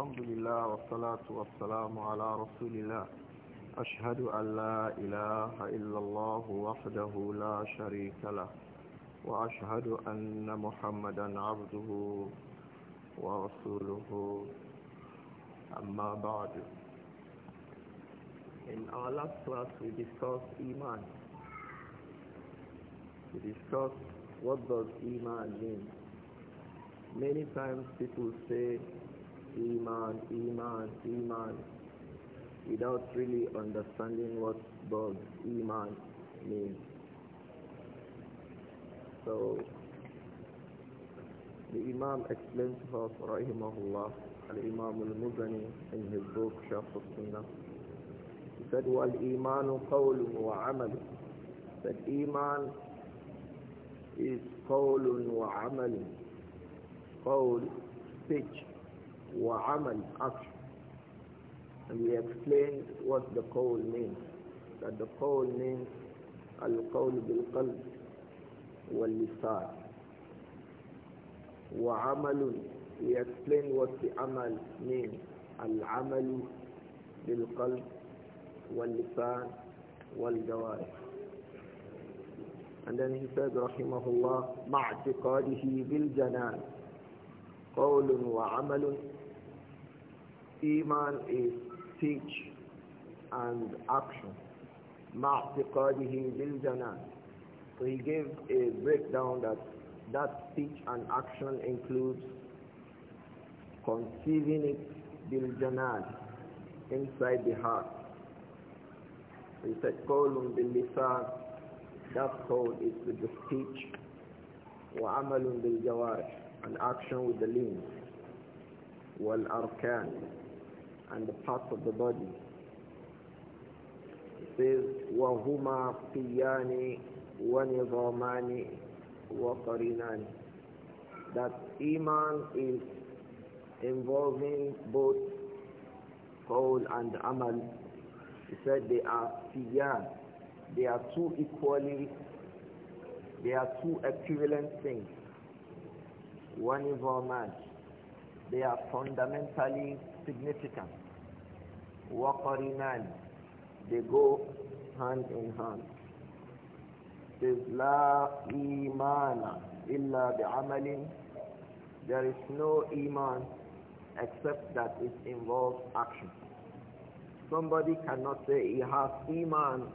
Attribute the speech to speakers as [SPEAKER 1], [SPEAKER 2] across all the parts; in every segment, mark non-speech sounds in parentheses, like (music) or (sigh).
[SPEAKER 1] الحمد لله والصلاة والسلام على رسول الله أشهد أن لا إله إلا الله وحده لا شريك له وأشهد أن محمدا عبده ورسوله أما بعد In our last class we discussed Iman We discussed what does Iman mean Many times people say Iman, Iman, Iman, without really understanding what the Iman means. So, the Imam explains to us, Rahimahullah, Al-Imam Al-Muzani, in his book, Shaf al-Sunnah, he said, وَالْإِيمَانُ قَوْلٌ وَعَمَلٌ That Iman is قَوْلٌ وَعَمَلٌ Qawl, speech, وعمل action and we explained what the قول means that the قول means القول بالقلب واللسان وعمل we explained what the عمل means العمل بالقلب واللسان والجوارح And then he said, رحمه الله, مع اعتقاده بالجنان قول وعمل Iman is speech and action. Ma'tiqadihi bil janan. So he gives a breakdown that that speech and action includes conceiving it bil janan inside the heart. He said, "Qawlun bil That call is with the speech. وعمل بالجوارح an action with the limbs والأركان and the parts of the body. It says, وَهُمَا قِيَّانِ وَنِظَامَانِ وَقَرِينَانِ That Iman is involving both Qawl and Amal. He said they are qiyyan. They are two equally, they are two equivalent things. One is man. They are fundamentally significant. وقرنان they go hand in hand says لا إيمان إلا بعمل there is no iman except that it involves action somebody cannot say he has iman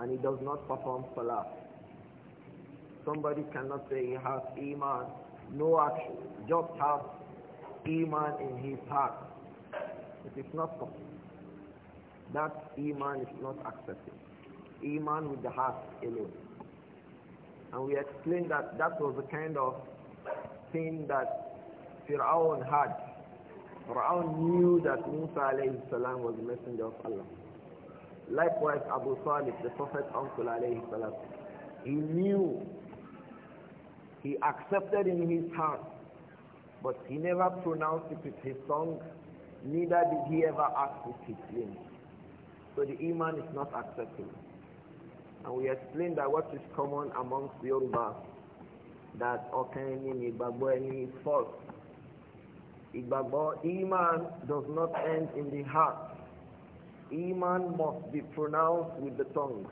[SPEAKER 1] and he does not perform salah somebody cannot say he has iman no action just has iman in his heart it is not possible that iman is not accepted. Iman with the heart alone. And we explained that that was the kind of thing that Fir'aun had. Fir'aun knew that Musa alayhi salam was the messenger of Allah. Likewise, Abu Talib, the prophet uncle alayhi salam, he knew, he accepted in his heart, but he never pronounced it with his tongue, neither did he ever ask with his limbs. So the iman is not accepted, And we explain that what is common amongst Yoruba that Okeni and Igbagbo is false. Igbagbo, iman does not end in the heart. Iman must be pronounced with the tongue.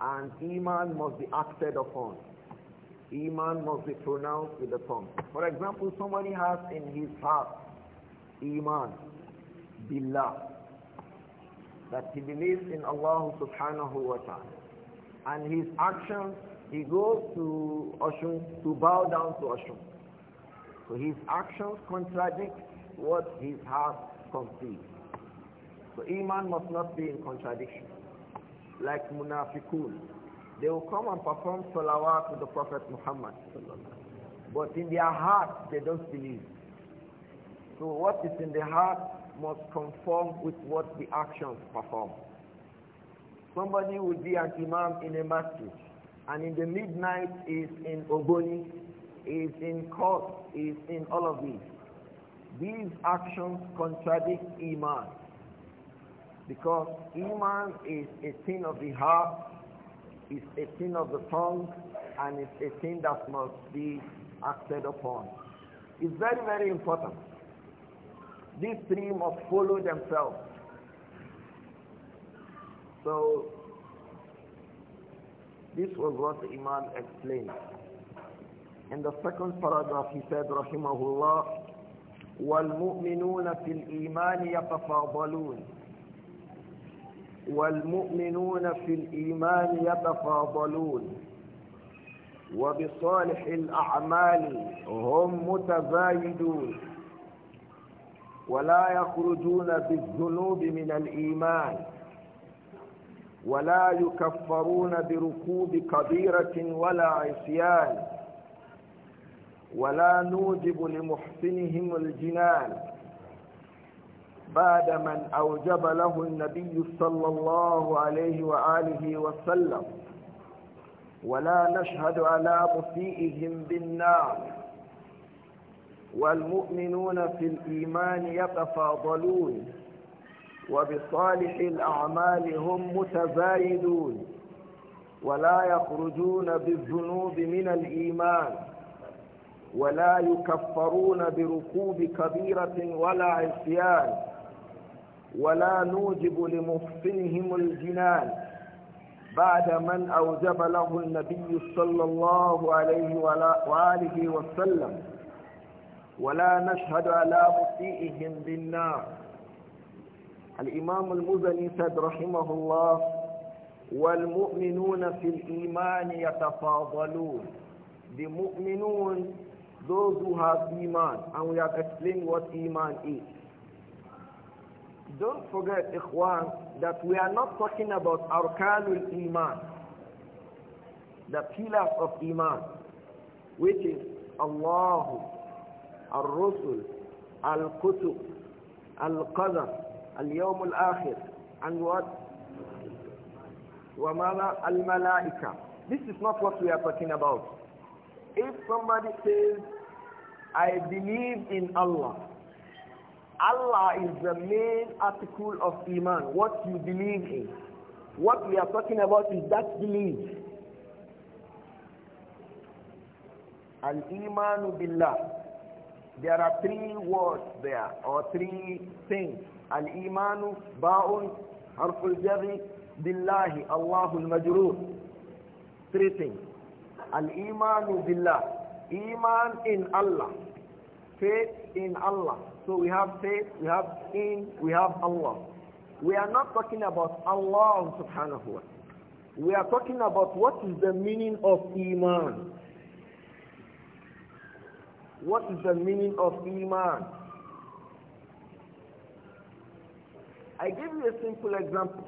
[SPEAKER 1] And iman must be acted upon. Iman must be pronounced with the tongue. For example, somebody has in his heart iman, billah, that he believes in Allah subhanahu wa ta'ala. And his actions, he goes to Oshun to bow down to Oshun. So his actions contradict what his heart conceives. So Iman must not be in contradiction. Like Munafikul, they will come and perform salawat to the Prophet Muhammad. But in their heart, they don't believe. So what is in the heart must conform with what the actions perform. Somebody will be an imam in a masjid, and in the midnight is in Ogoni, is in court, is in all of these. These actions contradict iman, because iman is a thing of the heart, is a thing of the tongue, and is a thing that must be acted upon. It's very, very important. These three must follow themselves. So, this was what the Imam explained. In the second paragraph he said, رحمه الله, وَالْمُؤْمِنُونَ فِي الْإِيمَانِ يَتَفَاضَلُونَ والمؤمنون في الإيمان يتفاضلون وبصالح الأعمال هم متزايدون ولا يخرجون بالذنوب من الإيمان ولا يكفرون بركوب كبيرة ولا عصيان ولا نوجب لمحسنهم الجنان بعد من أوجب له النبي صلى الله عليه وآله وسلم ولا نشهد على مسيئهم بالنار والمؤمنون في الإيمان يتفاضلون وبصالح الأعمال هم متزايدون ولا يخرجون بالذنوب من الإيمان ولا يكفرون بركوب كبيرة ولا عصيان ولا نوجب لمحسنهم الجنان بعد من أوجب له النبي صلى الله عليه وآله وسلم ولا نشهد على مسيئهم بالنار الإمام المزني سد رحمه الله والمؤمنون في الإيمان يتفاضلون The mu'minun, those who have iman, and we have explained what iman is. Don't forget, ikhwan, that we are not talking about arkanul iman, the pillars of iman, which is Allah, الرسل الكتب القدر اليوم الآخر and what وماذا الملائكة this is not what we are talking about if somebody says I believe in Allah Allah is the main article of Iman what you believe in what we are talking about is that belief al-imanu billah there are three words there, or three things. Al-imanu, ba'un, harful jari, billahi, Allahul majroor. Three things. Al-imanu billah. Iman in Allah. Faith in Allah. So we have faith, we have in, we have Allah. We are not talking about Allah subhanahu wa ta'ala. We are talking about what is the meaning of Iman. What is the meaning of Iman? I give you a simple example.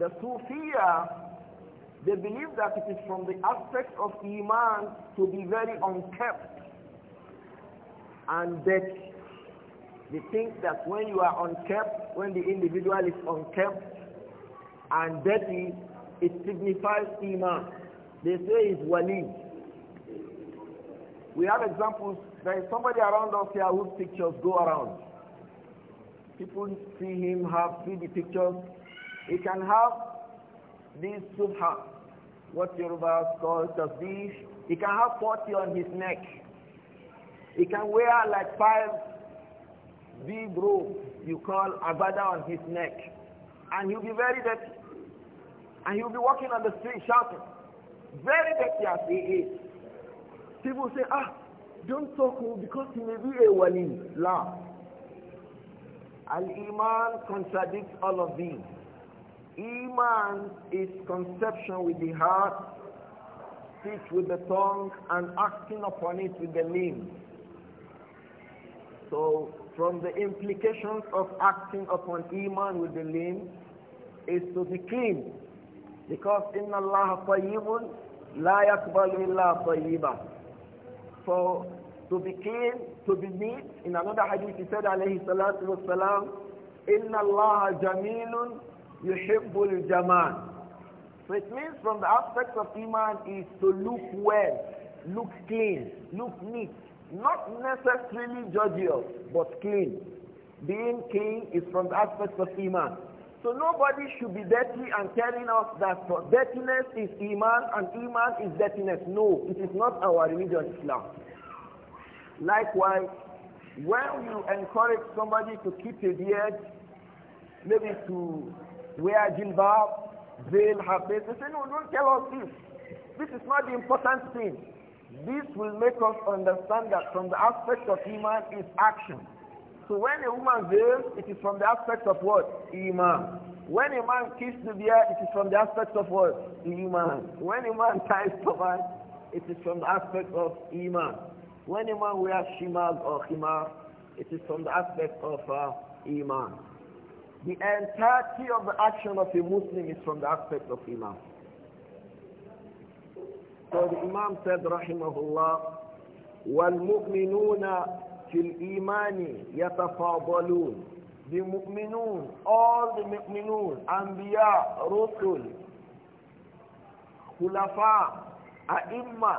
[SPEAKER 1] The Sufia they believe that it is from the aspect of Iman to be very unkept and that They think that when you are unkept, when the individual is unkept and dirty, it signifies Iman. They say it's wali. We have examples. There is somebody around us here whose pictures go around. People see him have 3D pictures. He can have these subha, what Yorubas call tasbih. He can have 40 on his neck. He can wear like five big rope you call abada on his neck. And he'll be very dirty. And he'll be walking on the street shouting. Very dirty as he is. People say, ah, don't talk oh, because he may be a wali. La. Al-Iman contradicts all of these. Iman is conception with the heart, speech with the tongue, and acting upon it with the limbs. So, from the implications of acting upon Iman with the limbs is to be clean. Because in Allah tayyibun, la yakbalu illa tayyiba for to be clean, to be neat. In another hadith he said alayhi salatu wasalam, Inna Allah jamilun yuhibbul Jaman. So it means from the aspects of Iman is to look well, look clean, look neat. Not necessarily judgy but clean. Being clean is from the aspects of Iman. So nobody should be dirty and telling us that dirtiness is Iman and Iman is dirtiness. No, it is not our religion, Islam. Likewise, when you encourage somebody to keep a beard, maybe to wear jilbab, veil, habit, they say, no, don't tell us this. This is not the important thing. This will make us understand that from the aspect of Iman is action. So when a woman veils, it is from the aspect of what? Iman. When a man kisses the beard, it is from the aspect of what? Iman. When a man ties turban, it is from the aspect of Iman. When a man wears shimag or khimar, it is from the aspect of uh, Iman. The entirety of the action of a Muslim is from the aspect of Iman. So the Imam said, Rahimahullah, وَالْمُؤْمِنُونَ في Imani, يتفاضلون the mu'minun, all the mu'minun, anbiya, rusul, khulafa, a'imma,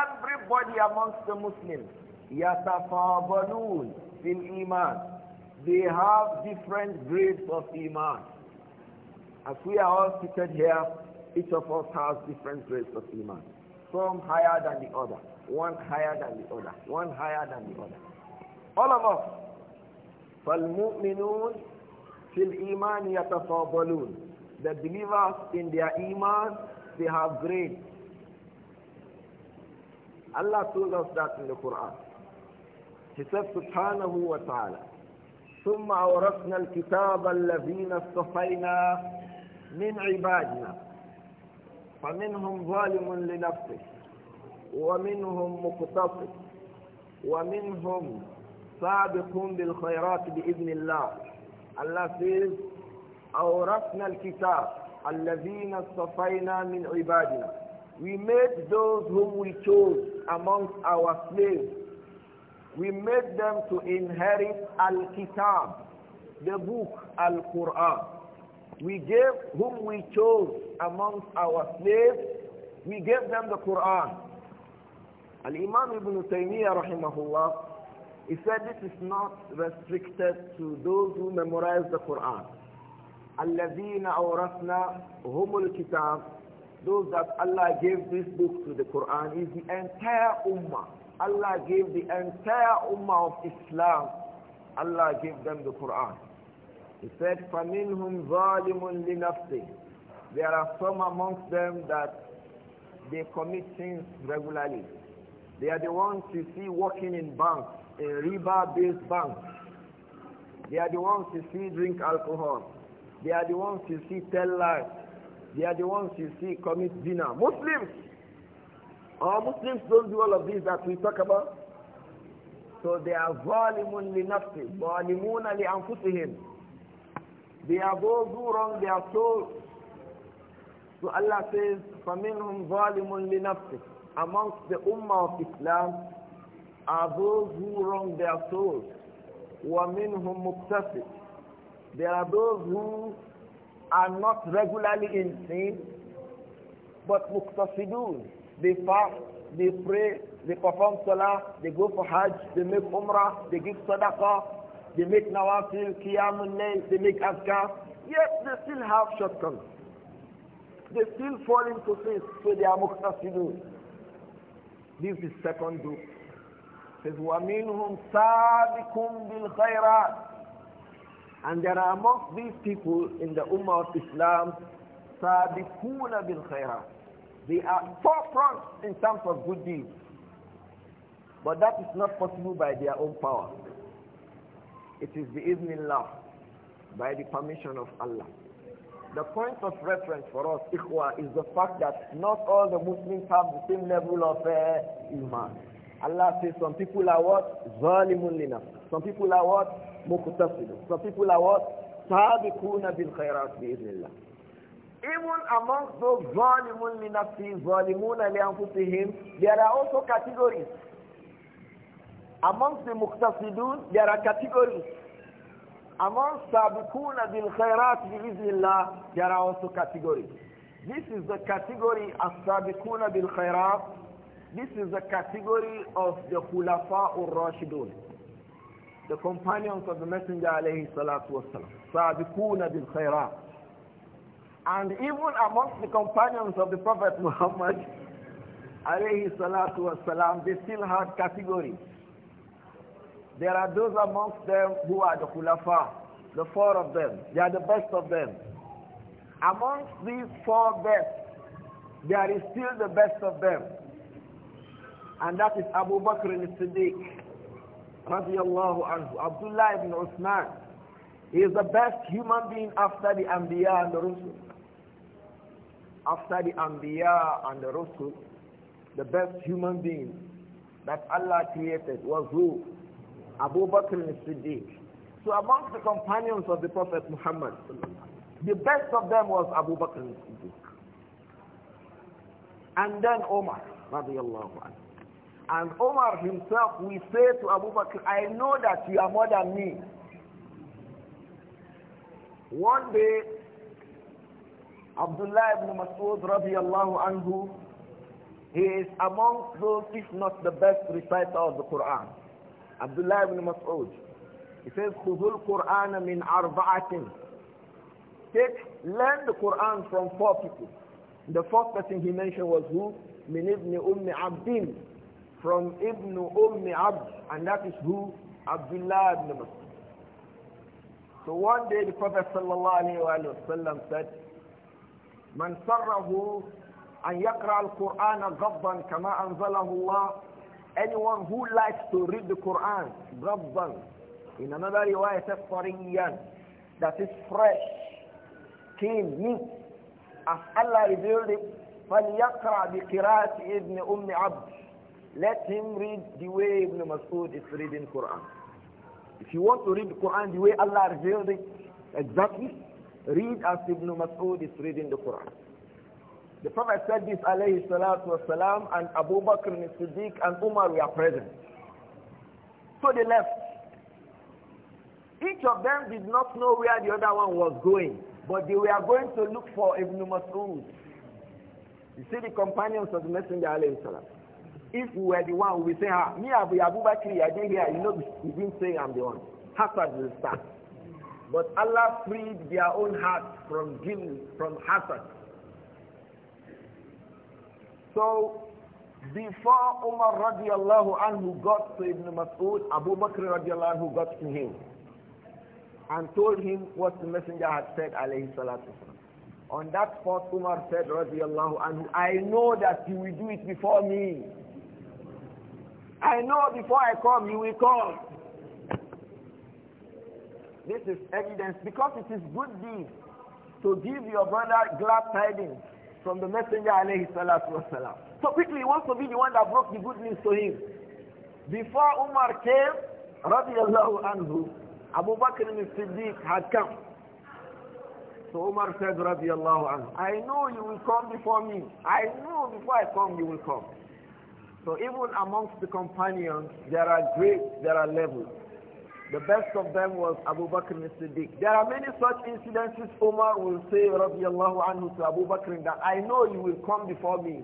[SPEAKER 1] everybody amongst the Muslims, yatafabalun fil iman. They have different grades of iman. As we are all seated here, each of us has different grades of iman. Some higher than the other one higher than the other, one higher than the other. All of us. فَالْمُؤْمِنُونَ فِي الْإِيمَانِ يَتَفَاضَلُونَ The believers in their iman, they have great. Allah told us that in the Quran. He said, سبحانه وتعالى, ثم أورثنا الكتاب الذين اصطفينا من عبادنا فمنهم ظالم لنفسه ومنهم مقتصد ومنهم سابق بالخيرات بإذن الله الله says أورثنا الكتاب الذين اصطفينا من عبادنا We made those whom we chose amongst our slaves. We made them to inherit Al-Kitab, the book Al-Quran. We gave whom we chose amongst our slaves, we gave them the Quran. Al-Imam Ibn Taymiyyah rahimahullah, he said this is not restricted to those who memorize the Quran. الَّذِينَ أَوْرَثْنَا هُمُ kitab Those that Allah gave this book to the Quran is the entire ummah. Allah gave the entire ummah of Islam. Allah gave them the Quran. He said, فَمِنْهُمْ ظَالِمٌ لِنَفْسِهِ There are some amongst them that they commit sins regularly. They are the ones you see working in banks, in riba-based banks. They are the ones you see drink alcohol. They are the ones you see tell lies. They are the ones you see commit dinner. Muslims! Our Muslims don't do all of these that we talk about. So they are ظالمون لنفسه ظالمون لأنفسهم They are those who wrong their souls. So Allah says, فَمِنْهُمْ ظَالِمٌ لِنَفْسِهِ amongst the Ummah of Islam are those who wrong their souls. وَمِنْهُمْ مُقْتَصِدٌ There are those who are not regularly in sin, but muqtasidun. They fast, they pray, they perform salah, they go for hajj, they make umrah, they give sadaqah, they make nawafil, qiyamul layl, they make azkar. Yet they still have shortcomings. They still fall into sin, so they are muqtasidun. This is second group. It says, وَمِنْهُمْ سَابِكُمْ بِالْخَيْرَاتِ And there are amongst these people in the Ummah of Islam, سَابِكُونَ بِالْخَيْرَاتِ They are forefront in terms of good deeds. But that is not possible by their own power. It is the evening love, by the permission of Allah. The point of reference for us, ikhwa, is the fact that not all the Muslims have the same level of uh, iman. Allah says some people are what? Zalimun linaf. Some people are what? Muqtasidun. Some people are what? Sabiquna bil khairat bi'idhnillah. Even amongst those zalimun linafsi, zalimuna lianfusihim, there are also categories. Amongst the muqtasidun, there are categories among sabikuna bil khairat biiznillah, there are also categories. This is the category of sabikuna bil khairat. This is the category of the khulafa ur rashidun, the companions of the Messenger alayhi salatu wasalam. Sabikuna bil khairat. And even amongst the companions of the Prophet (laughs) Muhammad alayhi salatu wasalam, they still had categories. There are those amongst them who are the Khulafa, the four of them. They are the best of them. Amongst these four best, there is still the best of them. And that is Abu Bakr al-Siddiq, radiallahu anhu, Abdullah ibn Uthman. He is the best human being after the Anbiya and the Rusul. After the Anbiya and the Rusul, the best human being that Allah created was who? Abu Bakr al siddiq So amongst the companions of the Prophet Muhammad, the best of them was Abu Bakr al siddiq And then Omar, radiallahu anhu. And Omar himself we say to Abu Bakr, I know that you are more than me. One day, Abdullah ibn Mas'ud radiallahu anhu, he is amongst those, if not the best reciter of the Quran. Abdullah ibn Mas'ud. He says, خُذُوا الْقُرْآنَ مِنْ أَرْبَعَةٍ Take, learn the Quran from four people. The fourth person he mentioned was who? Min ibn ام Abdin. From Ibn ام Abd. And that is who? Abdullah ibn Mas'ud. So one day the Prophet sallallahu said, من سره أن يقرأ القرآن غضا كما أنزله الله Anyone who likes to read the Quran, Rabban, in another riwayah says Qariyan, that is fresh, clean, neat. As Allah revealed it, فَلْيَقْرَأْ بِقِرَاءَةِ Ibn Umm Abd. Let him read the way Ibn Mas'ud is reading Quran. If you want to read the Quran the way Allah revealed it, exactly, read as Ibn Mas'ud is reading the Quran. The Prophet said this, alayhi salatu wasalam, and Abu Bakr and Siddiq and Umar were present. So they left. Each of them did not know where the other one was going, but they were going to look for Ibn Mas'ud. You see the companions of the Messenger, alayhi salam. If we were the one, we say, ah, me Abu Abu Bakr, I didn't hear, you know, we didn't say I'm the one. Hasad will start. But Allah freed their own hearts from guilt, from hazard. So before Umar radiallahu anhu got to Ibn Mas'ud, Abu Bakr radiallahu anhu got to him and told him what the messenger had said alayhi salatu On that spot, Umar said radiallahu anhu, I know that you will do it before me. I know before I come, you will come. This is evidence because it is good deed to give your brother glad tidings from the Messenger alayhi salatu wasalam. So quickly, he wants to be the one that broke the good news to him. Before Umar came, radiallahu anhu, Abu Bakr ibn Siddiq had come. So Umar said, radiallahu anhu, I know you will come before me. I know before I come you will come. So even amongst the companions, there are grades, there are levels. The best of them was Abu Bakr al-Siddiq. There are many such incidences Omar will say, radiallahu anhu, to Abu Bakr, that I know you will come before me.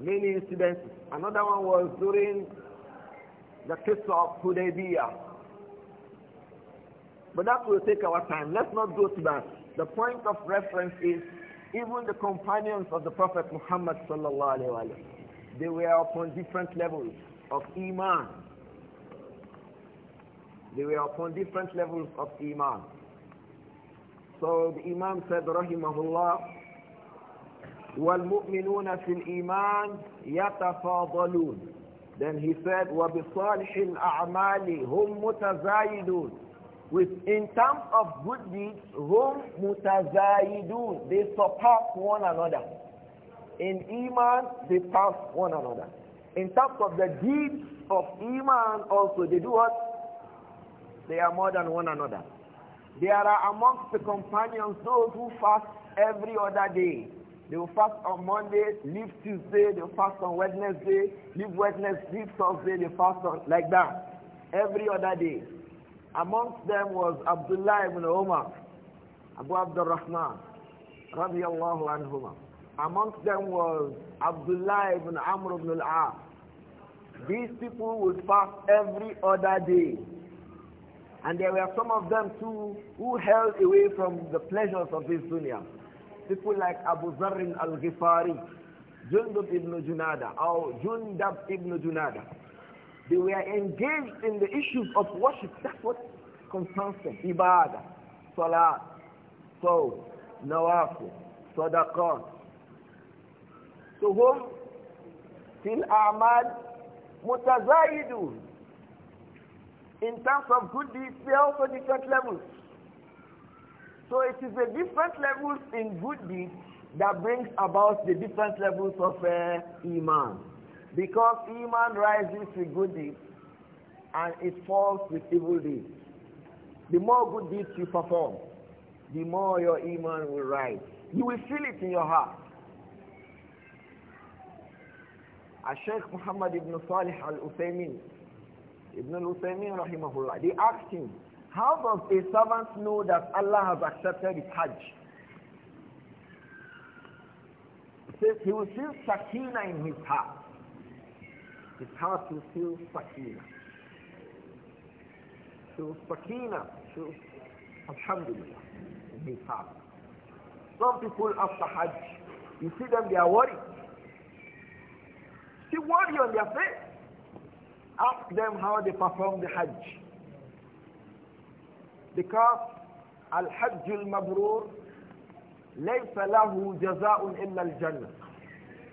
[SPEAKER 1] Many incidences. Another one was during the case of Hudaybiyah. But that will take our time. Let's not go to that. The point of reference is even the companions of the Prophet Muhammad sallallahu alaihi wasallam, they were upon different levels of Iman. They were upon different levels of Iman. So the Imam said, Rahimahullah, وَالْمُؤْمِنُونَ فِي الْإِيمَانِ يَتَفَاضَلُونَ Then he said, وَبِصَالِحِ الْأَعْمَالِ هُمْ مُتَزَايدُونَ With, in terms of good deeds, هُمْ مُتَزَايدُونَ They surpass one another. In Iman, they pass one another. In terms of the deeds of Iman also, they do what? They are more than one another. There are amongst the companions those who fast every other day. They will fast on Monday, leave Tuesday, they will fast on Wednesday, leave Wednesday, leave Thursday, they fast on like that. Every other day. Amongst them was Abdullah ibn Umar, Abu Abdurrahman, radiallahu anhuma. Amongst them was Abdullah ibn Amr ibn al these people would fast every other day. And there were some of them too who held away from the pleasures of this dunya. People like Abu Zarrin al-Ghifari, Jundub ibn Junada, or Jundab ibn Junada. They were engaged in the issues of worship. That's what concerns them. Ibadah, Salah, Saw, Nawafil, Sadaqah. So whom? Till Ahmad mutazayidun. In terms of good deeds, they are also different levels. So it is the different levels in good deeds that brings about the different levels of uh, Iman. Because Iman rises with good deeds and it falls with evil deeds. The more good deeds you perform, the more your Iman will rise. You will feel it in your heart. Sheikh Muhammad ibn Salih al-Uthaymin, Ibn al-Uthaymin rahimahullah, they asked him, how does a servant know that Allah has accepted his Hajj? He says he will feel sakina in his heart. His heart will feel sakina. Feel sakina, feel alhamdulillah in his heart. Some people after Hajj, you see them, they are worried. See worry on their face. Ask them how they perform the Hajj. Because Al-Hajj al-Mabrur ليس له جزاء إلا الجنة.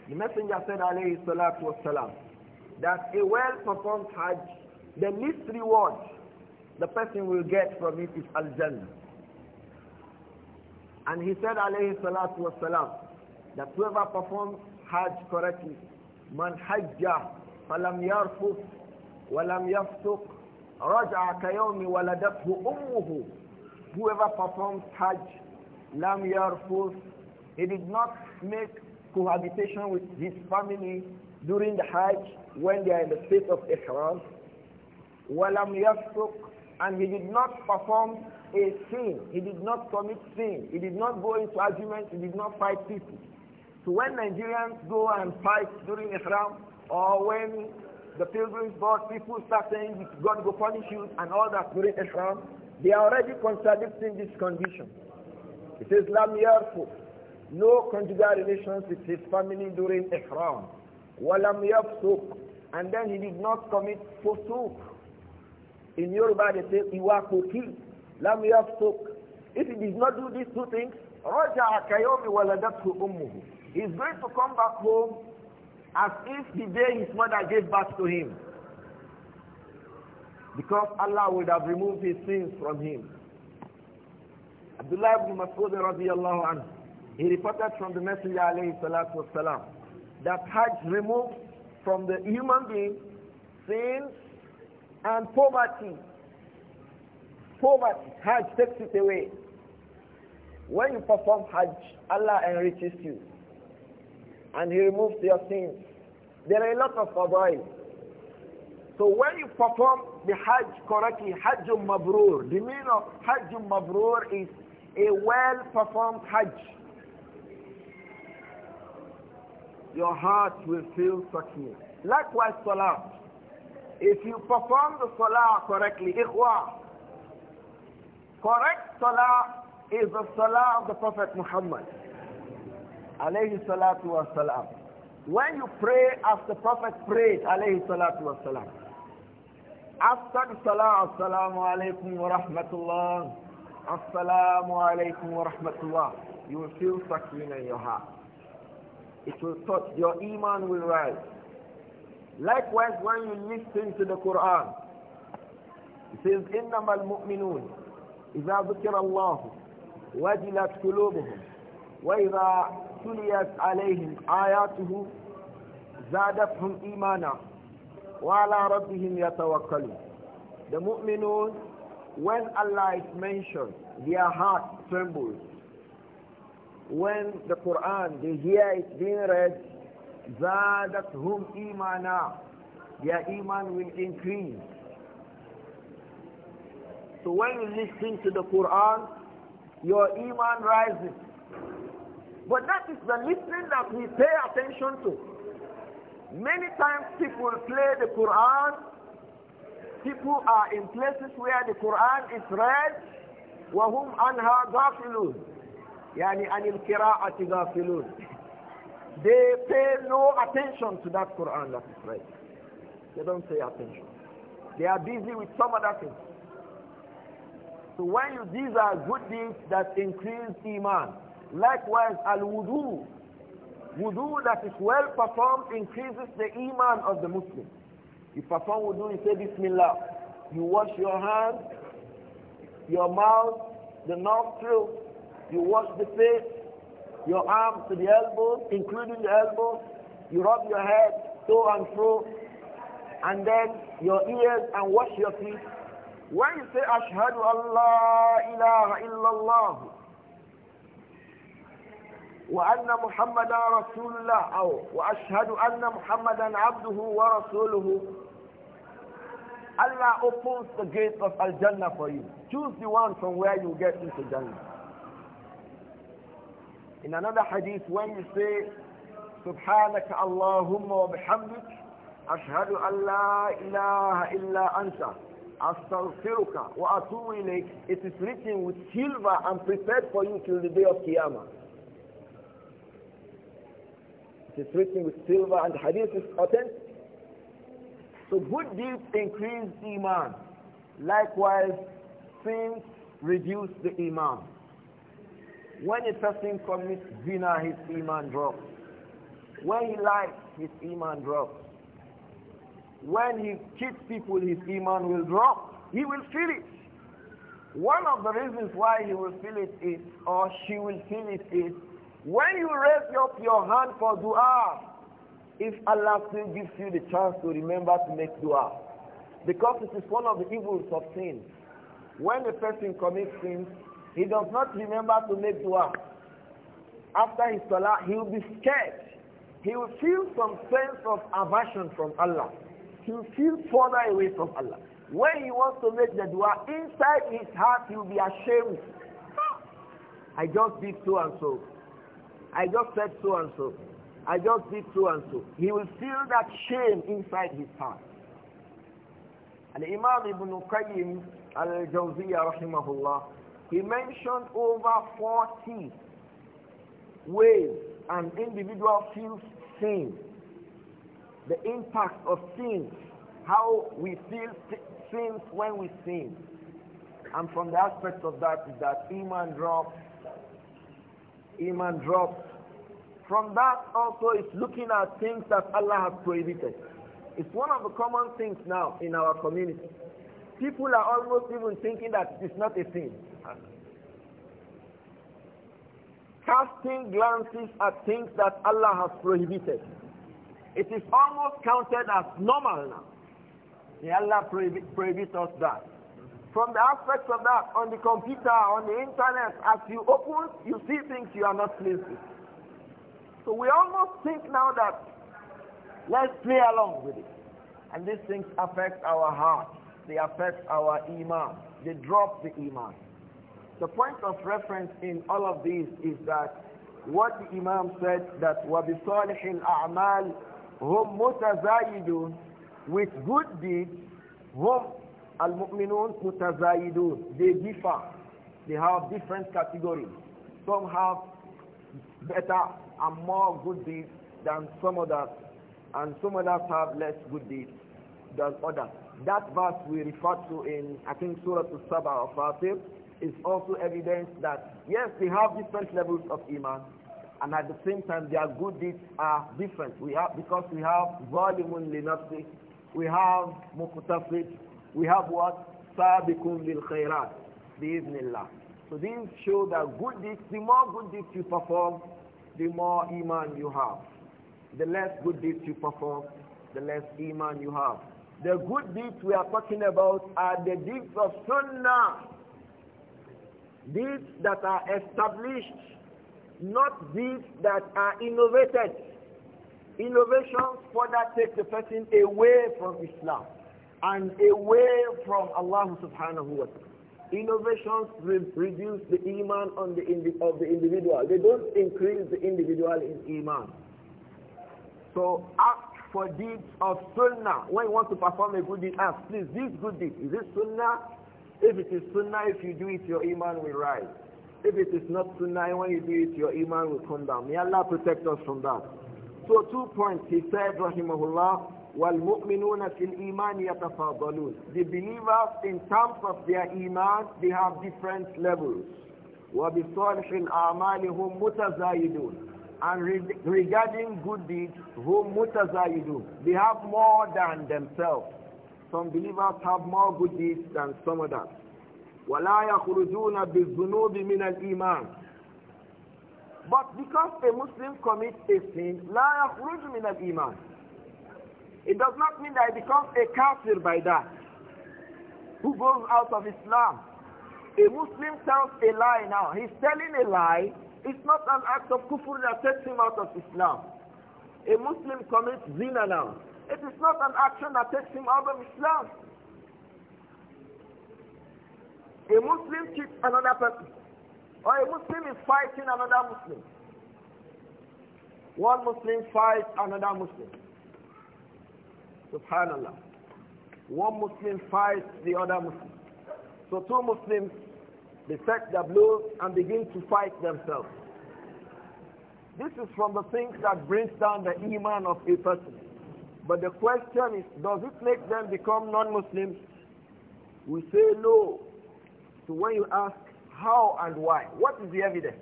[SPEAKER 1] The Messenger said عليه الصلاة والسلام that a well-performed Hajj, the least reward the person will get from it is Al-Jannah. And he said alayhi salatu wasalam that whoever performs Hajj correctly, من حج فلم يرفث ولم يفسق رجع كيوم ولدته أمه whoever performs Hajj لم يرفث he did not make cohabitation with his family during the Hajj when they are in the state of Ihram ولم يفسق and he did not perform a sin he did not commit sin he did not go into argument he did not fight people so when Nigerians go and fight during Ihram or when the pilgrims go, people start saying God will punish you and all that during Ihram, they are already contradicting this condition. It says, Lam yarfu, no conjugal relations with his family during Ihram. Walam yafsuk, and then he did not commit fusuk. In Yoruba they say, Iwa Lam yafsuk. If he did not do these two things, Roger Akayomi ولدته أمه He's going to come back home as if the day his mother gave birth to him. Because Allah would have removed his sins from him. Abdullah ibn Mas'ud radiallahu anhu, he reported from the Messenger alayhi salatu wasalam, that Hajj removed from the human being sins and poverty. Poverty, Hajj takes it away. When you perform Hajj, Allah enriches you and he removes your sins. There are a lot of fadail. So when you perform the Hajj correctly, Hajj Mabrur, the meaning of Hajj Mabrur is a well-performed Hajj. Your heart will feel secure. Likewise, Salah. If you perform the Salah correctly, Ikhwa, correct Salah is the Salah of the Prophet Muhammad alayhi salatu When you pray as the Prophet prayed, alayhi salatu wasalam. After the salah, assalamu alaykum wa rahmatullah, assalamu alaykum wa rahmatullah, you will feel sakina in your heart. It will touch, your iman will rise. Likewise, when you listen to the Quran, it says, إِنَّمَا الْمُؤْمِنُونَ إِذَا ذُكِرَ اللَّهُ وَجِلَتْ قُلُوبُهُمْ وَإِذَا the mu'minun, when Allah is mentioned, their heart trembles. When the Quran, they hear it being read, زادتهم imana, Their iman will increase. So when you listen to the Quran, your iman rises. But that is the listening that we pay attention to. Many times people play the Quran. People are in places where the Quran is read. وهم عنها غافلون يعني عن القراءة غافلون they pay no attention to that Quran that is read they don't pay attention they are busy with some other things so when you these are good deeds that increase iman Likewise, al-wudu, wudu that is well performed increases the iman of the Muslim. You perform wudu, you say Bismillah. You wash your hands, your mouth, the nostrils. You wash the face, your arms to the elbows, including the elbows. You rub your head to and fro, and then your ears and wash your feet. When you say Ashhadu Allah ilaha illallah, وأن محمدا رسول الله أو وأشهد أن محمدا عبده ورسوله Allah opens the gates of Al-Jannah for you. Choose the one from where you get into Jannah. In another hadith, when you say, سبحانك اللهم وبحمدك أشهد أن لا إله إلا أنت أستغفرك وأتوب إليك It is written with silver and prepared for you till the day of Qiyamah. It is written with silver and hadith is authentic. So good deeds increase the iman. Likewise, sins reduce the iman. When a person commits zina, his iman drops. When he lies, his iman drops. When he cheats people, his iman will drop. He will feel it. One of the reasons why he will feel it is, or she will feel it is, when you raise up your hand for dua, if Allah still gives you the chance to remember to make dua, because it is one of the evils of sin. When a person commits sin, he does not remember to make dua. After his salah, he will be scared. He will feel some sense of aversion from Allah. He will feel further away from Allah. When he wants to make the dua, inside his heart he will be ashamed. I just did so and so. I just said so and so. I just did so and so. He will feel that shame inside his heart. And Imam Ibn Qayyim al-Jawziyah rahimahullah, he mentioned over 40 ways an individual feels sin. The impact of sin, how we feel sins when we sin. And from the aspect of that is that iman drops, Iman drops. From that also it's looking at things that Allah has prohibited. It's one of the common things now in our community. People are almost even thinking that it's not a sin. Casting glances at things that Allah has prohibited. It is almost counted as normal now. May Allah prohibit, prohibit us that. From the aspects of that, on the computer, on the internet, as you open, you see things you are not pleased with. So we almost think now that let's play along with it. And these things affect our heart. They affect our iman. They drop the iman. The point of reference in all of these is that what the Imam said that وَبِصَالِحِ الْأَعْمَالِ هُمْ مُتَزَايِدُونَ With good deeds, whom Al-mu'minun mutazayidun. They differ. They have different categories. Some have better and more good deeds than some others. And some others have less good deeds than others. That verse we refer to in, I think, Surah Al-Sabah or Fatir is also evidence that, yes, they have different levels of iman. And at the same time, their good deeds are different. We have, because we have volumun we have muqtasib, we have what? Sabiqun bil khairat. bismillah. So these show that good deeds, the more good deeds you perform, the more iman you have. The less good deeds you perform, the less iman you have. The good deeds we are talking about are the deeds of sunnah. Deeds that are established, not deeds that are innovated. Innovations further take the person away from Islam and away from Allah subhanahu wa ta'ala. Innovations re reduce the iman on the of the individual. They don't increase the individual in iman. So ask for deeds of sunnah. When you want to perform a good deed, ask, please, this good deed, is it sunnah? If it is sunnah, if you do it, your iman will rise. If it is not sunnah, when you do it, your iman will come down. May Allah protect us from that. So two points, he said, rahimahullah, وَالْمُؤْمِنُونَ فِي الْإِيمَانِ يَتَفَاضَلُونَ The believers, in terms of their iman, they have different levels. وَبِصَالِحِ الْأَعْمَالِ مُتَزَايدُونَ And regarding good deeds, who مُتَزَايدُونَ They have more than themselves. Some believers have more good deeds than some others. وَلَا يَخْرُجُونَ min مِنَ الْإِيمَانِ But because a Muslim commits a sin, لَا يَخْرُجُ مِنَ الْإِيمَانِ it does not mean that he becomes a kafir by that, who goes out of Islam. A Muslim tells a lie now. He's telling a lie. It's not an act of kufr that takes him out of Islam. A Muslim commits zina now. It is not an action that takes him out of Islam. A Muslim cheats another person. Or a Muslim is fighting another Muslim. One Muslim fights another Muslim. Subhanallah. One Muslim fights the other Muslim. So two Muslims, they set their blows and begin to fight themselves. This is from the things that brings down the iman of a person. But the question is, does it make them become non-Muslims? We say no. So when you ask how and why, what is the evidence?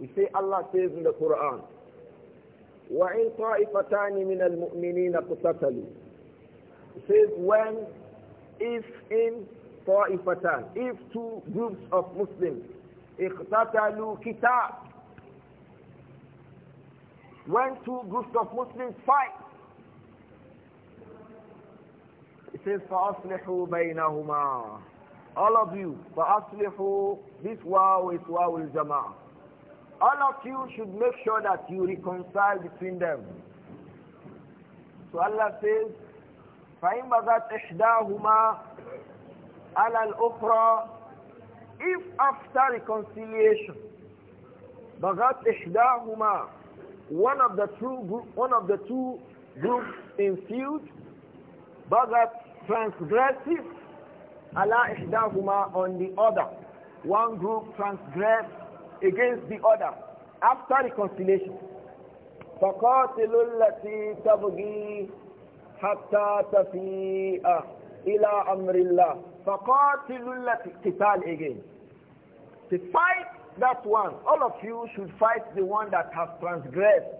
[SPEAKER 1] We say Allah says in the Quran, وَإِن طَائِفَتَانِ مِنَ الْمُؤْمِنِينَ قُتَتَلُوا It says when, if in طَائِفَتَانِ If two groups of Muslims اِقْتَتَلُوا كِتَابٍ When two groups of Muslims fight, it says فَأَصْلِحُوا بَيْنَهُمَا All of you, فَأَصْلِحُوا This wow is wow al-jama'ah all of you should make sure that you reconcile between them. So Allah says, فَإِنْ بَغَتْ إِحْدَاهُمَا عَلَى الْأُخْرَى If after reconciliation, بَغَتْ إِحْدَاهُمَا One of the, one of the two groups in feud, بَغَتْ transgressive, عَلَى إِحْدَاهُمَا on the other. One group transgressed against the other after reconciliation. فقاتلوا التي تبغي حتى تفيء إلى أمر الله فقاتلوا التي قتال again to fight that one all of you should fight the one that has transgressed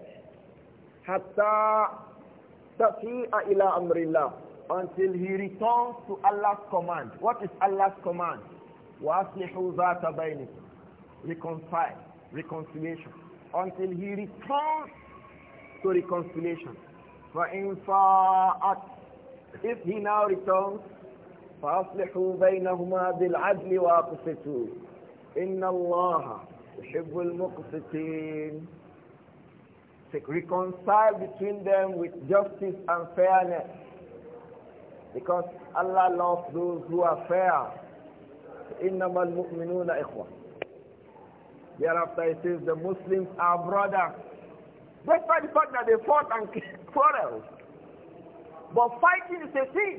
[SPEAKER 1] حتى تفيء إلى أمر الله until he returns to Allah's command what is Allah's command وأصلحوا ذات بينكم reconcile, reconciliation, until he returns to reconciliation. For in if he now returns, فأصلحوا بينهما بالعدل وأقسطوا إن الله يحب المقسطين reconcile between them with justice and fairness because Allah loves those who are fair إنما المؤمنون إخوة Thereafter it says the Muslims are brothers. Despite the fact that they fought and (laughs) quarreled. But fighting is a sin.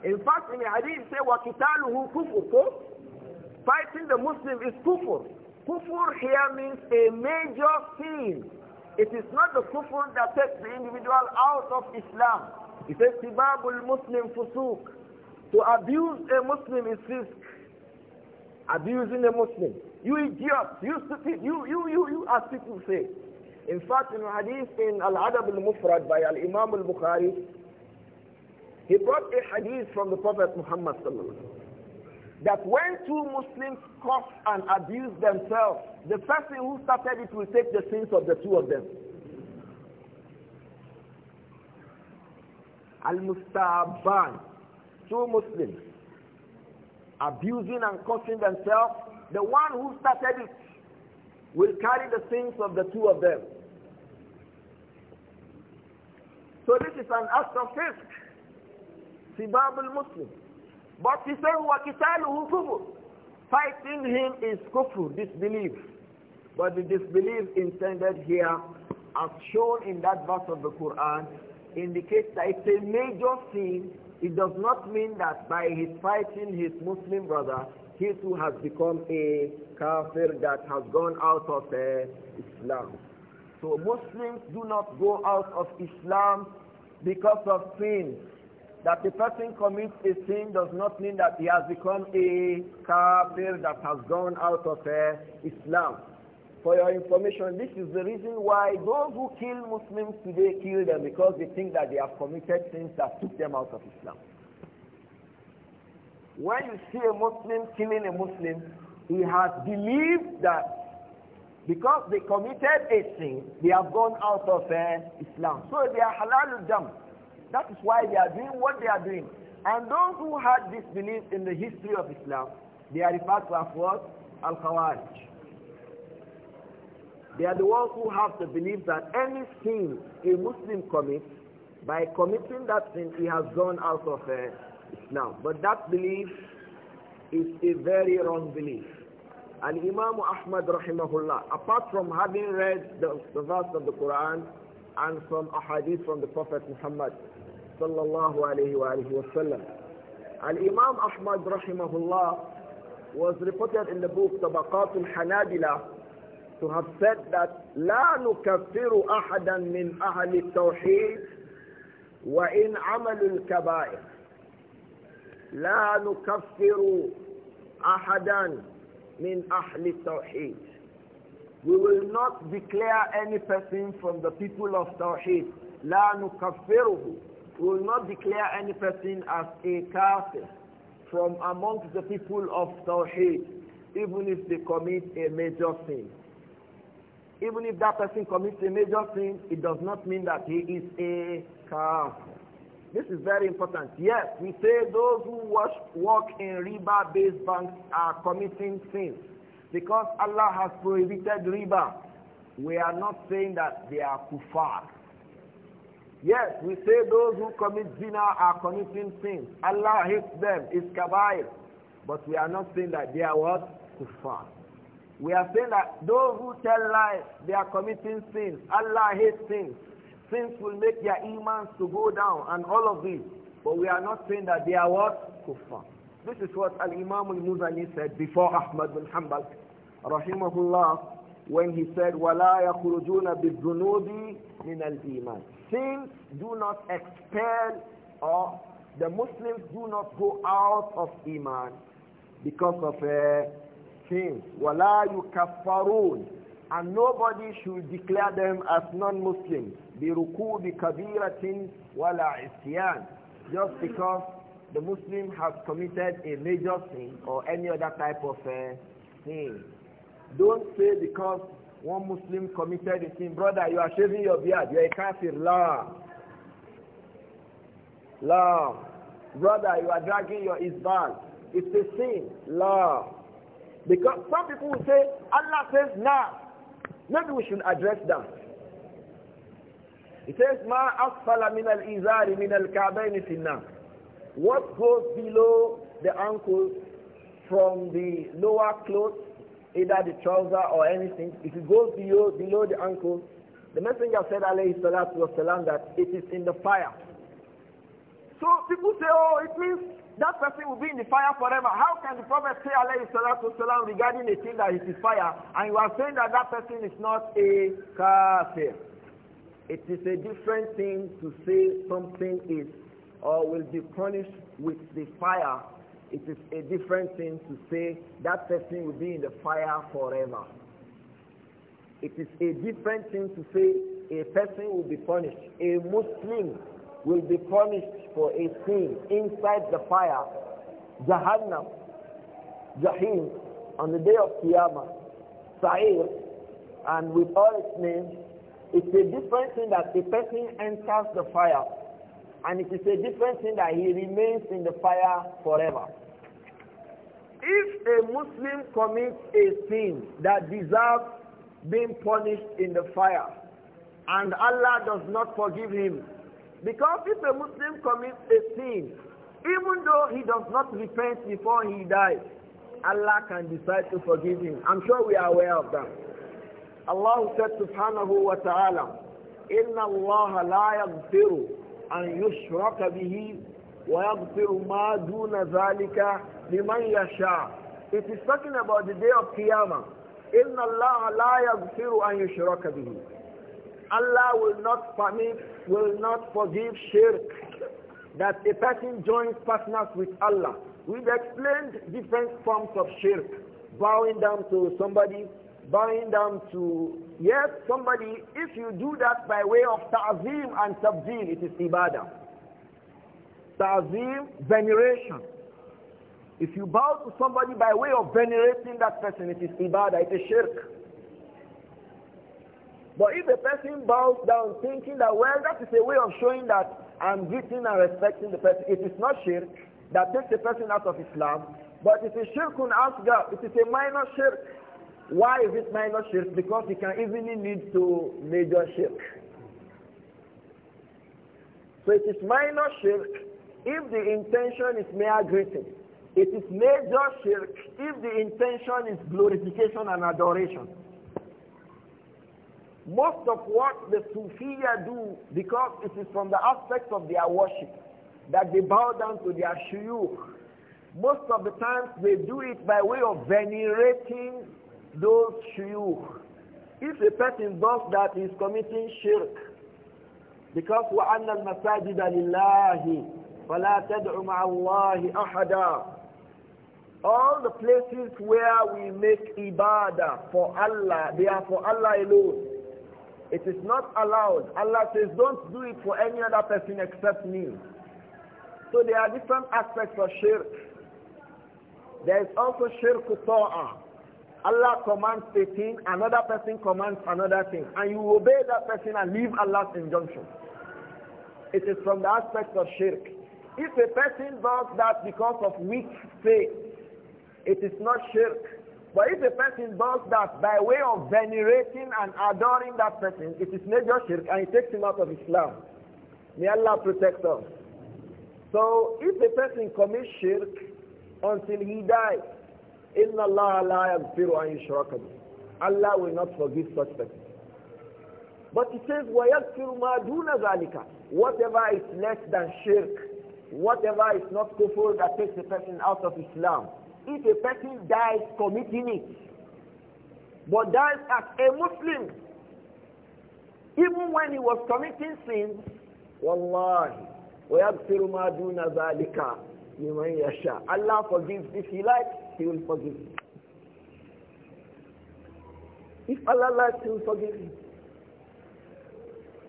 [SPEAKER 1] In fact, in the hadith say, وَكِتَالُهُ كُفُرْ Fighting the Muslim is kufur. Kufur here means a major sin. It is not the kufur that takes the individual out of Islam. It says, تِبَابُ Muslim فُسُوقُ to abuse a Muslim is fisk abusing a Muslim. You idiot, you stupid, you, you, you, you, as people say. In fact, in hadith in Al-Adab al-Mufrad by Al-Imam al-Bukhari, he brought a hadith from the Prophet Muhammad that when two Muslims cough and abuse themselves, the person who started it will take the sins of the two of them. Al-Mustaban, two Muslims, abusing and cursing themselves, the one who started it will carry the sins of the two of them. So this is an act of fisk. Sibab al-Muslim. But he said, وَكِتَالُهُ كُفُرٌ Fighting him is kufr, disbelief. But the disbelief intended here, as shown in that verse of the Quran, indicates that it's a major sin it does not mean that by his fighting his Muslim brother, he too has become a kafir that has gone out of uh, Islam. So Muslims do not go out of Islam because of sin. That the person commits a sin does not mean that he has become a kafir that has gone out of uh, Islam. For your information, this is the reason why those who kill Muslims today kill them because they think that they have committed sins that took them out of Islam. When you see a Muslim killing a Muslim, he has believed that because they committed a sin, they have gone out of uh, Islam. So they are halal them. That is why they are doing what they are doing. And those who had this belief in the history of Islam, they are referred to as what? Al-Khawarij. They are the ones who have the belief that any sin a Muslim commits, by committing that sin, he has gone out of uh, Islam. But that belief is a very wrong belief. And Imam Ahmad rahimahullah, apart from having read the, the verse of the Quran and from ahadith from the Prophet Muhammad sallallahu alayhi wa alayhi wa sallam, imam Ahmad rahimahullah was reported in the book Tabaqatul al-Hanabila to have said that لا نكفر أحدا من أهل التوحيد وإن عمل الكبائر لا نكفر أحدا من أهل التوحيد We will not declare any person from the people of Tawheed. لا نكفره. We will not declare any person as a kafir from amongst the people of Tawheed, even if they commit a major sin even if that person commits a major sin, it does not mean that he is a kafir. This is very important. Yes, we say those who wash, walk in riba-based banks are committing sins because Allah has prohibited riba. We are not saying that they are kufar. Yes, we say those who commit zina are committing sins. Allah hates them. It's kabair. But we are not saying that they are what? Kufar. We are saying that those who tell lies, they are committing sins. Allah hates sins. Sins will make their imams to go down and all of this. But we are not saying that they are what? Kuffar. This is what Al-Imam Al-Muzani said before Ahmad bin Hanbal, rahimahullah, when he said, وَلَا يَخْرُجُونَ بِالذُّنُوبِ مِنَ الْإِيمَانِ Sins do not expel or the Muslims do not go out of Iman because of uh, him wala yukaffarun and nobody should declare them as non-muslims birukubi kabiratin wala isyan just because the muslim has committed a major sin or any other type of uh, sin don't say because one muslim committed a sin brother you are shaving your beard you are a kafir la la brother you are dragging your isbal it's a sin la because some people will say, Allah says now. Nah. Maybe we should address that. It says, Ma asfala min al-izari min al finna. What goes below the ankle from the lower clothes, either the trouser or anything, if it goes below, below the ankle, the messenger said, alayhi salatu wasalam, that it is in the fire. So people say, oh, it means that person will be in the fire forever. How can the Prophet say, alayhi salatu salam regarding a thing that is fire, and you are saying that that person is not a kafir? It is a different thing to say something is or will be punished with the fire. It is a different thing to say that person will be in the fire forever. It is a different thing to say a person will be punished. A Muslim will be punished for a sin inside the fire, Jahannam, Jahim, on the day of Qiyamah, Sa'ir, and with all its names, it's a different thing that a person enters the fire, and it is a different thing that he remains in the fire forever. If a Muslim commits a sin that deserves being punished in the fire, and Allah does not forgive him, because if a Muslim commits a sin, even though he does not repent before he dies, Allah can decide to forgive him. I'm sure we are aware of that. Allah said subhanahu wa ta'ala, إِنَّ اللَّهَ لَا يَغْفِرُ أَن يُشْرَكَ بِهِ وَيَغْفِرُ مَا دُونَ ذَلِكَ لِمَنْ يَشَاءُ It is talking about the day of Qiyamah. إِنَّ اللَّهَ لَا يَغْفِرُ أَن يُشْرَكَ بِهِ Allah will not permit, will not forgive shirk, that a person joins partners with Allah. We've explained different forms of shirk, bowing down to somebody, bowing down to, yes, somebody, if you do that by way of ta'zim and tabdeel, it is ibadah. Ta'zim, veneration. If you bow to somebody by way of venerating that person, it is ibadah, it is shirk. But if a person bows down thinking that, well, that is a way of showing that I'm greeting and respecting the person, it is not shirk that takes a person out of Islam, but it is shirkun God, it is a minor shirk. Why is it minor shirk? Because it can easily lead to major shirk. So it is minor shirk if the intention is mere greeting. It is major shirk if the intention is glorification and adoration most of what the Sufiya do, because it is from the aspect of their worship, that they bow down to their shuyukh. Most of the times they do it by way of venerating those shuyukh. If a person does that, he is committing shirk. Because وَأَنَّ الْمَسَاجِدَ لِلَّهِ فَلَا تَدْعُ مَعَ اللَّهِ أَحَدًا All the places where we make ibadah for Allah, they are for Allah alone. It is not allowed. Allah says, don't do it for any other person except me. So there are different aspects of shirk. There is also shirk ta'ah. Allah commands a thing, another person commands another thing. And you obey that person and leave Allah's injunction. It is from the aspect of shirk. If a person does that because of weak faith, it is not shirk. But if a person does that by way of venerating and adoring that person, it is major shirk and it takes him out of Islam. May Allah protect us. So if a person commits shirk until he dies, Inna Allah la yaghfiru an yushraka Allah will not forgive such person. But he says, وَيَغْفِرُ مَا دُونَ ذَلِكَ Whatever is less than shirk, whatever is not kufur that takes a person out of Islam, if a person dies committing it, but dies as a Muslim, even when he was committing sins, wallahi, وَيَغْفِرُ مَا دُونَ ذَلِكَ لِمَنْ يَشَاءُ Allah forgives if he likes, he will forgive him. If Allah likes, he will forgive him.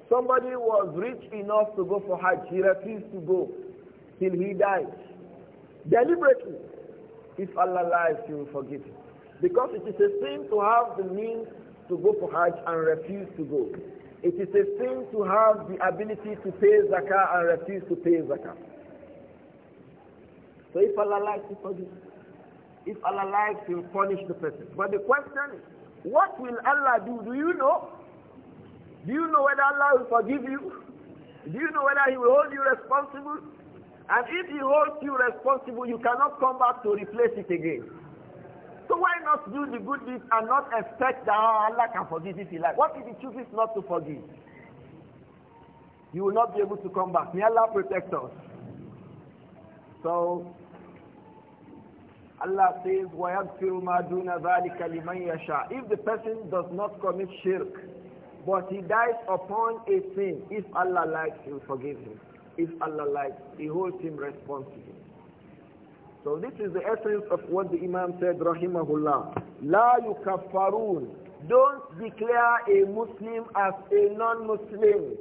[SPEAKER 1] Somebody was rich enough to go for Hajj. He refused to go till he died. Deliberately. If Allah lies, He will forgive you. Because it is a sin to have the means to go for Hajj and refuse to go. It is a sin to have the ability to pay zakah and refuse to pay zakah. So if Allah likes, He forgive. If Allah likes, He will punish the person. But the question is, what will Allah do? Do you know? Do you know whether Allah will forgive you? Do you know whether He will hold you responsible? And if he holds you responsible, you cannot come back to replace it again. So why not do the good deeds and not expect that ah, Allah can forgive if he likes? What if he chooses not to forgive? You will not be able to come back. May Allah protect us. So Allah says, وَيَغْفِرُ مَا دُونَ ذَلِكَ لِمَنْ يَشَاءُ If the person does not commit shirk, but he dies upon a sin, if Allah likes, he will forgive him if Allah likes, He holds him responsible. So this is the essence of what the Imam said, Rahimahullah. La yukaffarun. Don't declare a Muslim as a non-Muslim.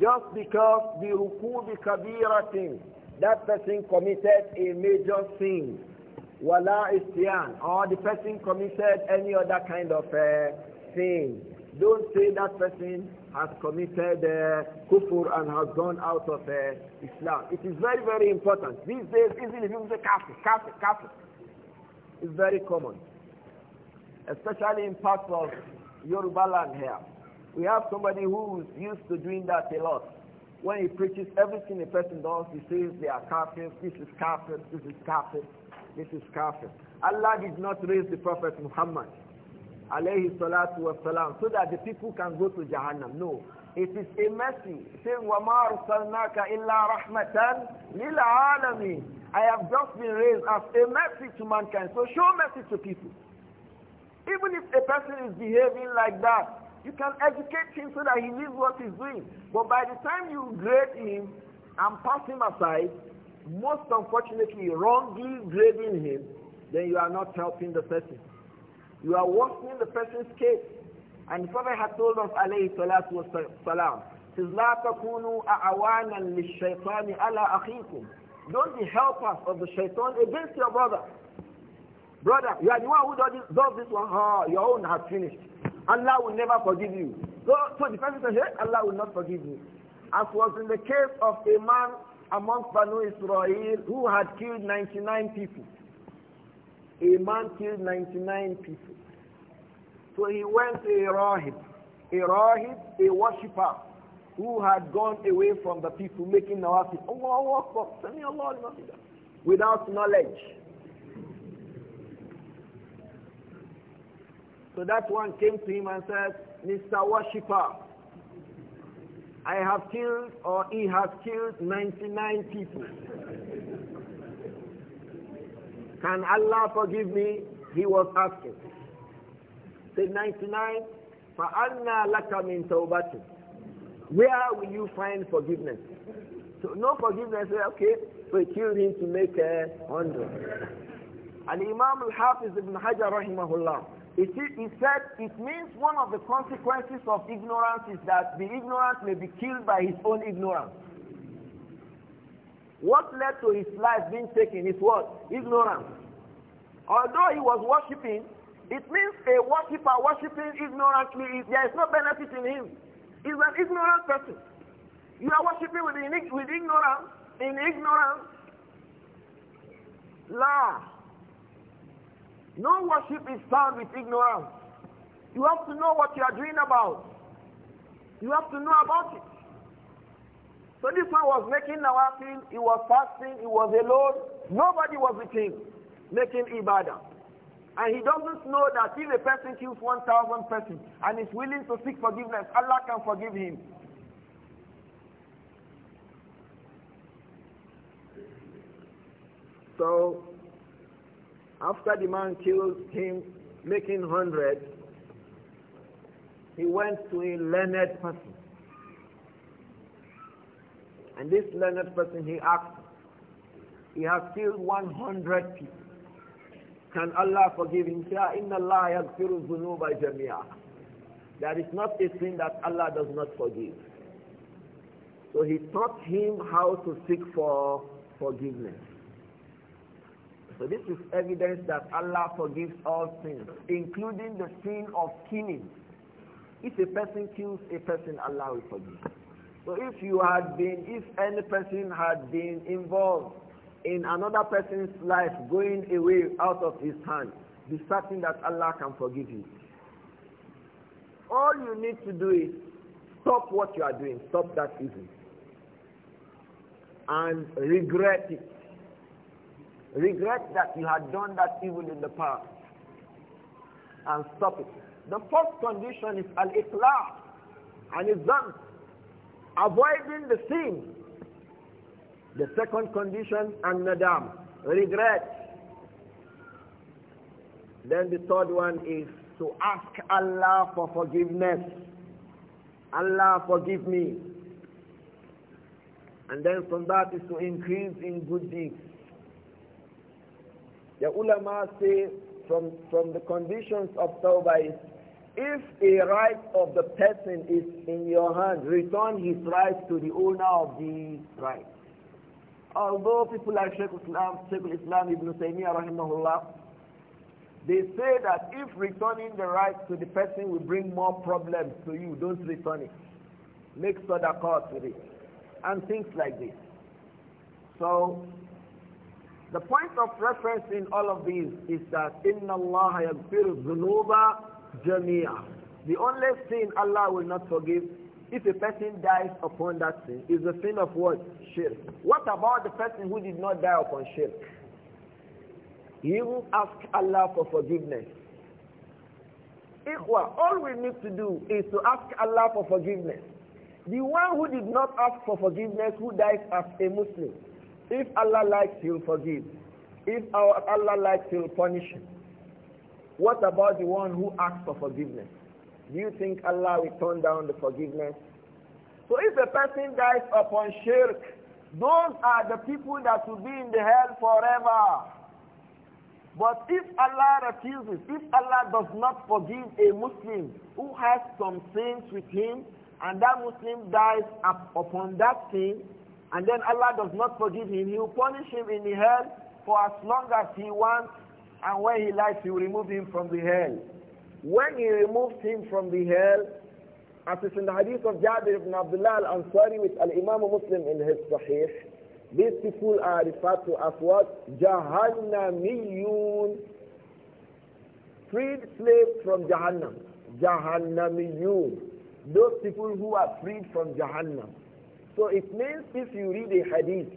[SPEAKER 1] Just because the rukubi kabira thing, that person committed a major sin. Wala istian. Or the person committed any other kind of uh, sin. Don't say that person has committed uh, kufur and has gone out of uh, Islam. It is very, very important. These days, easily people say kafir, kafir, kafir. It's very common, especially in parts of Yoruba land here. We have somebody who is used to doing that a lot. When he preaches everything a person does, he says they are kafir, this is kafir, this is kafir, this is kafir. Allah did not raise the Prophet Muhammad alayhi salatu so that the people can go to Jahannam. No. It is a mercy. Saying, وَمَا illa rahmatan lil alamin. I have just been raised as a mercy to mankind. So show mercy to people. Even if a person is behaving like that, you can educate him so that he knows what he's doing. But by the time you grade him and pass him aside, most unfortunately wrongly grading him, then you are not helping the person. You are worsening the person's case. And the Prophet had told us, alayhi salatu wasalam, says, لَا أَخِيكُم Don't be helpers of the shaitan against your brother. Brother, you are the one who does this, one. your own has finished. Allah will never forgive you. So, so the person said, hey, Allah will not forgive you. As was in the case of a man amongst Banu Israel who had killed 99 people. A man killed 99 people. So he went to a rahib, a rahib, a worshipper, who had gone away from the people making nawafil. Allahu send me Allah without knowledge. So that one came to him and said, Mr. Worshipper, I have killed or he has killed 99 people. Can Allah forgive me? He was asking. Say 99. فَأَنَّا لَكَ مِن تَوْبَةٍ Where will you find forgiveness? So no forgiveness, eh, okay, so it killed him to make a hundred. And Imam al-Hafiz ibn Hajar rahimahullah, he said it means one of the consequences of ignorance is that the ignorant may be killed by his own ignorance. What led to his life being taken is what? Ignorance. Although he was worshipping, it means a worshipper worshiping ignorantly, there is no benefit in him. He's an ignorant person. You are worshiping with, with ignorance, in ignorance. La. No worship is found with ignorance. You have to know what you are doing about. You have to know about it. So this one was making nawafil, he was fasting, he was alone. Nobody was with him, making ibadah. And he doesn't know that if a person kills 1,000 persons and is willing to seek forgiveness, Allah can forgive him. So, after the man killed him, making 100, he went to a learned person. And this learned person, he asked, he has killed 100 people. Can Allah forgive him? Say, Inna Allah yaghfiru jamia. There is not a sin that Allah does not forgive. So he taught him how to seek for forgiveness. So this is evidence that Allah forgives all sins, including the sin of killing. If a person kills a person, Allah will forgive. So if you had been, if any person had been involved in another person's life going away out of his hand, be certain that Allah can forgive you. All you need to do is stop what you are doing, stop that evil, and regret it. Regret that you had done that evil in the past and stop it. The first condition is al and it's done. Avoiding the sin the second condition, and nadam, regret. Then the third one is to ask Allah for forgiveness. Allah forgive me. And then from that is to increase in good deeds. The ulama say from, from the conditions of tawbah is if a right of the person is in your hand, return his right to the owner of the right although people like Sheikh Islam, Sheikh Islam Ibn Taymiyyah rahimahullah, they say that if returning the right to the person will bring more problems to you, don't return it. Make sadaqah to it. And things like this. So, the point of reference in all of these is that إِنَّ اللَّهَ يَغْفِرُ الذُّنُوبَ جَمِيعًا The only sin Allah will not forgive if a person dies upon that sin, is the sin of what? Shirk. What about the person who did not die upon shirk? He will ask Allah for forgiveness. Ikhwa, all we need to do is to ask Allah for forgiveness. The one who did not ask for forgiveness, who dies as a Muslim, if Allah likes, he'll forgive. If Allah likes, he'll punish him. What about the one who asks for forgiveness? Do you think Allah will turn down the forgiveness? So if a person dies upon shirk, those are the people that will be in the hell forever. But if Allah refuses, if Allah does not forgive a Muslim who has some sins with him, and that Muslim dies up upon that sin, and then Allah does not forgive him, he will punish him in the hell for as long as he wants, and when he likes, he will remove him from the hell when he removed him from the hell, as is in the hadith of Jabir ibn Abdullah al-Ansari with al-Imam Muslim in his Sahih, these people are referred to as what? Jahannamiyun. Freed slaves from Jahannam. Jahannamiyun. Those people who are freed from Jahannam. So it means if you read a hadith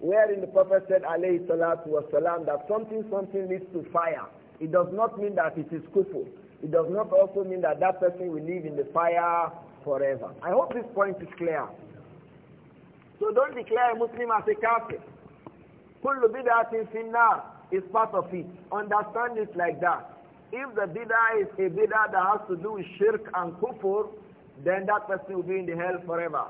[SPEAKER 1] wherein the Prophet said alayhi salatu wasalam that something something leads to fire, it does not mean that it is kufr it does not also mean that that person will live in the fire forever. I hope this point is clear. So don't declare a Muslim as a kafir. Kullu in finnar is part of it. Understand it like that. If the bid'ah is a bid'ah that has to do with shirk and kufur, then that person will be in the hell forever.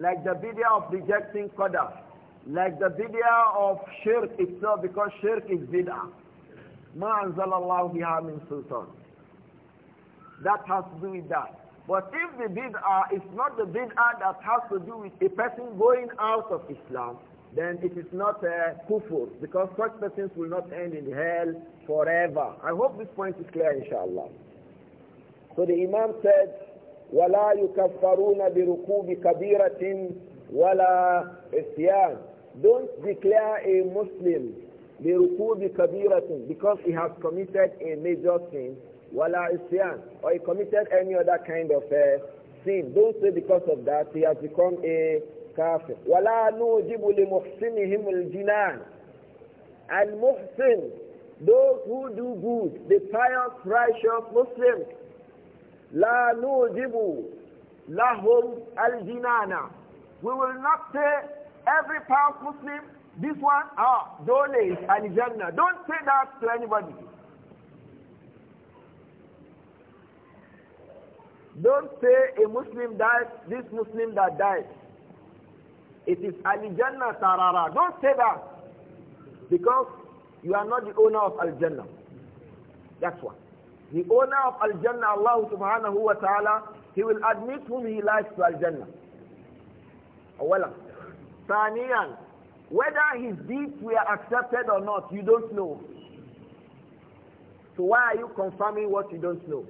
[SPEAKER 1] Like the bid'ah of rejecting qadar. Like the bid'ah of shirk itself because shirk is bid'ah. Ma anzalallahu الله بها sultan. That has to do with that. But if the bid'ah is not the bid'ah that has to do with a person going out of Islam, then it is not a uh, kufur because such persons will not end in hell forever. I hope this point is clear, inshallah. So the Imam said, وَلَا يُكَفَّرُونَ بِرُكُوبِ كَبِيرَةٍ وَلَا إِسْيَانٍ Don't declare a Muslim بِرُكُوبِ كَبِيرَةٍ because he has committed a major sin wala isyan, or he committed any other kind of uh, sin. Don't say because of that he has become a kafir. Wala نوجب لمحسنهم الجنان. Al-Muhsin, those who do good, the pious, righteous Muslims, La لا lahum al jinana. We will not say every pious Muslim, this one, ah, dole is al-Jannah. Don't say that to anybody. Don't say a Muslim died, this Muslim that died. It is Al-Jannah Tarara. Don't say that. Because you are not the owner of Al-Jannah. That's why. The owner of Al-Jannah, Allah subhanahu wa ta'ala, he will admit whom he likes to Al-Jannah. Awala. Thaniyan, whether his deeds were accepted or not, you don't know. So why are you confirming what you don't know?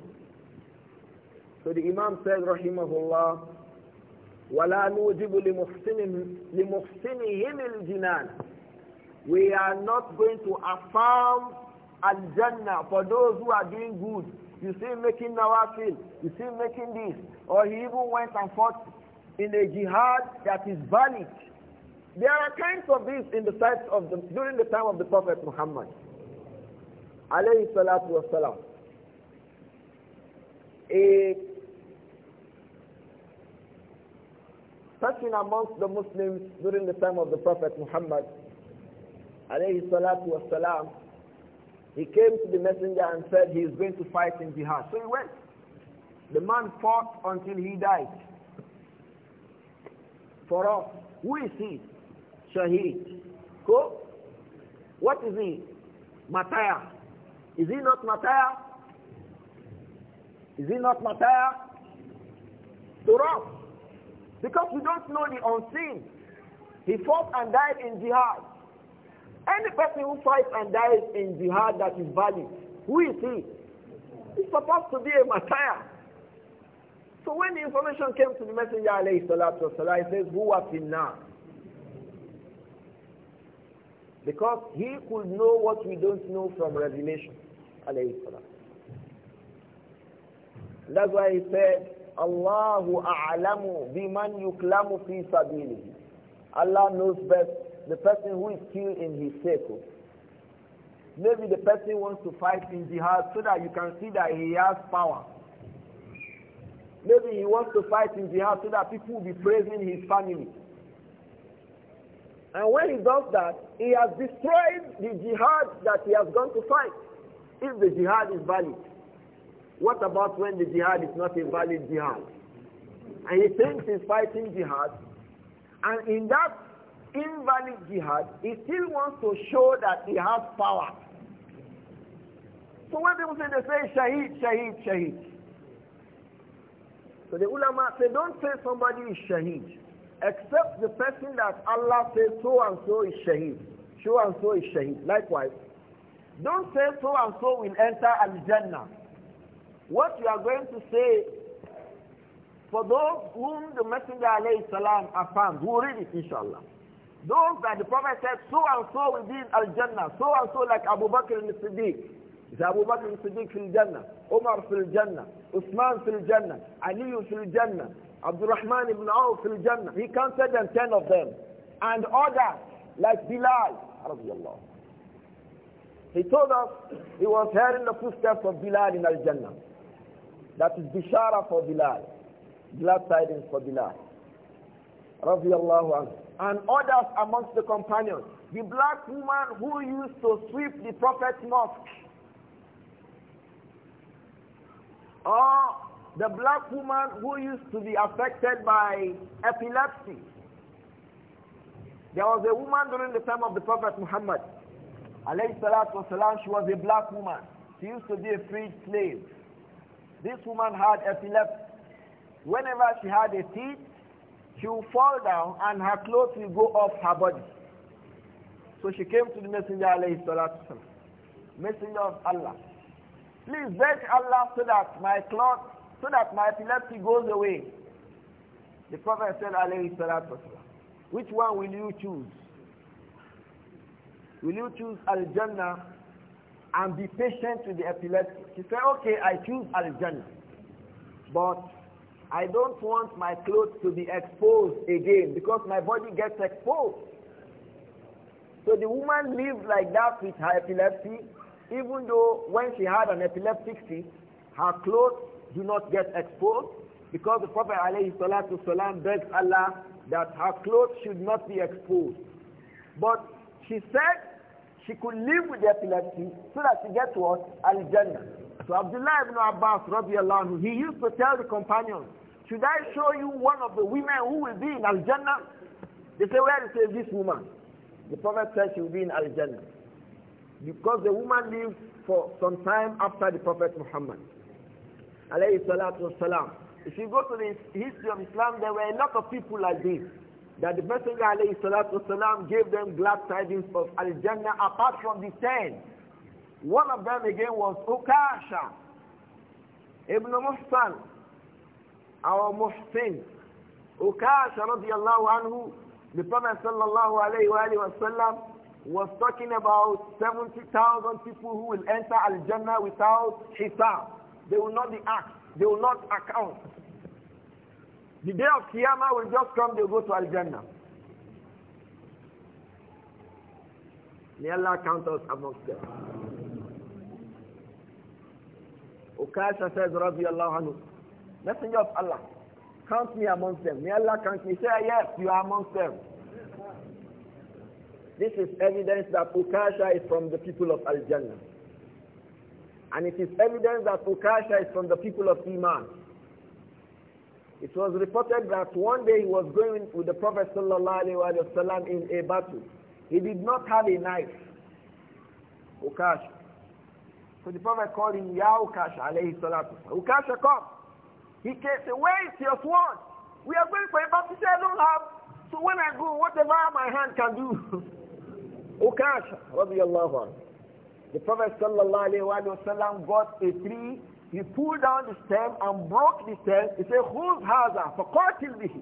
[SPEAKER 1] So the Imam said, Rahimahullah, وَلَا نُوجِبُ لِمُحْسِنِهِمِ الْجِنَانِ We are not going to affirm al-jannah for those who are doing good. You see making nawafil, you see making this. Or he even went and fought in a jihad that is valid. There are kinds of this in the sight of the, during the time of the Prophet Muhammad. Alayhi salatu salam a person amongst the Muslims during the time of the Prophet Muhammad alayhi salatu wasalam, he came to the messenger and said he is going to fight in jihad. So he went. The man fought until he died. For us, who is he? Shaheed. Ko? What is he? Mataya. Is he not Mataya? Is it not matter to us? Because we don't know the unseen. He fought and died in jihad. Any person who fights and dies in jihad that is valid, who is he? He's supposed to be a martyr. So when the information came to the messenger, alayhi salatu wasalam, he says, who was he now? Because he could know what we don't know from revelation, alayhi salatu that's why he said, Allahu a'lamu biman yuklamu fi sabilihi. Allah knows best the person who is killed in his circle. Maybe the person wants to fight in jihad so that you can see that he has power. Maybe he wants to fight in jihad so that people will be praising his family. And when he does that, he has destroyed the jihad that he has gone to fight, if the jihad is valid. What about when the jihad is not a valid jihad? And he thinks he's fighting jihad. And in that invalid jihad, he still wants to show that he has power. So when people say, they say, Shaheed, Shaheed, Shaheed. So the ulama say, don't say somebody is Shaheed, except the person that Allah says so and so is Shaheed. So and so is Shaheed. Likewise, don't say so and so will enter Al Jannah what you are going to say for those whom the Messenger alayhi salam affirmed, who read it inshallah. Those that the Prophet said, so and so will be in Al-Jannah, so and so like Abu Bakr al-Siddiq. Is Abu Bakr al-Siddiq fil Jannah, Umar fil Jannah, Usman fil Jannah, Ali fil Jannah, Abdurrahman ibn Auf fil Jannah. He counted them, ten of them. And others like Bilal, radiallahu. He told us he was hearing the footsteps of Bilal in Al-Jannah. That is Bishara for Bilal. Glad tidings for Bilal. Radiallahu anhu. And others amongst the companions. The black woman who used to sweep the Prophet's mosque. Or the black woman who used to be affected by epilepsy. There was a woman during the time of the Prophet Muhammad. Alayhi salatu wasalam, she was a black woman. She used to be a freed slave. This woman had epilepsy. Whenever she had a fit, she would fall down and her clothes would go off her body. So she came to the Messenger alayhi salatu Messenger of Allah. Please beg Allah so that my cloth, so that my epilepsy goes away. The Prophet said alayhi salatu Which one will you choose? Will you choose Al-Jannah and be patient with the epileptic. She said, okay, I choose Al-Jannah. But I don't want my clothes to be exposed again because my body gets exposed. So the woman lived like that with her epilepsy, even though when she had an epileptic fit, her clothes do not get exposed because the Prophet ﷺ begs Allah that her clothes should not be exposed. But she said she could live with the epilepsy so that she gets what? Al-Jannah. So Abdullah ibn Abbas, al anhu, he used to tell the companions, should I show you one of the women who will be in Al-Jannah? They say, where is this woman? The Prophet said she will be in Al-Jannah. Because the woman lived for some time after the Prophet Muhammad. If you go to the history of Islam, there were a lot of people like this that the Messenger والسلام, gave them glad tidings of Al-Jannah apart from the ten. One of them again was Ukasha, Ibn Muhsan, our Muhsin. Ukasha radiallahu anhu, the Prophet sallallahu alayhi wa sallam was talking about 70,000 people who will enter Al-Jannah without hisab. They will not be asked. They will not account. The day of Qiyamah will just come, they'll go to Al-Jannah. May Allah count us amongst them. Ukasha says, Rabbi Allah Messenger of Allah, count me amongst them. May Allah count me. Say, yes, you are amongst them. This is evidence that Ukasha is from the people of Al-Jannah. And it is evidence that Ukasha is from the people of Iman. It was reported that one day he was going with the Prophet wasallam in a battle. He did not have a knife. Ukash. So the Prophet called him, Ya Ukash alayhi salatu. Ukash, come. He came, Say, where is your sword? We are going for a battle. He said, I don't have. So when I go, whatever my hand can do. (laughs) Ukash, radiallahu anhu. The Prophet sallallahu alayhi wa sallam got a tree he pulled down the stem and broke the stem. He said, Whose haza? Faqatil bihi.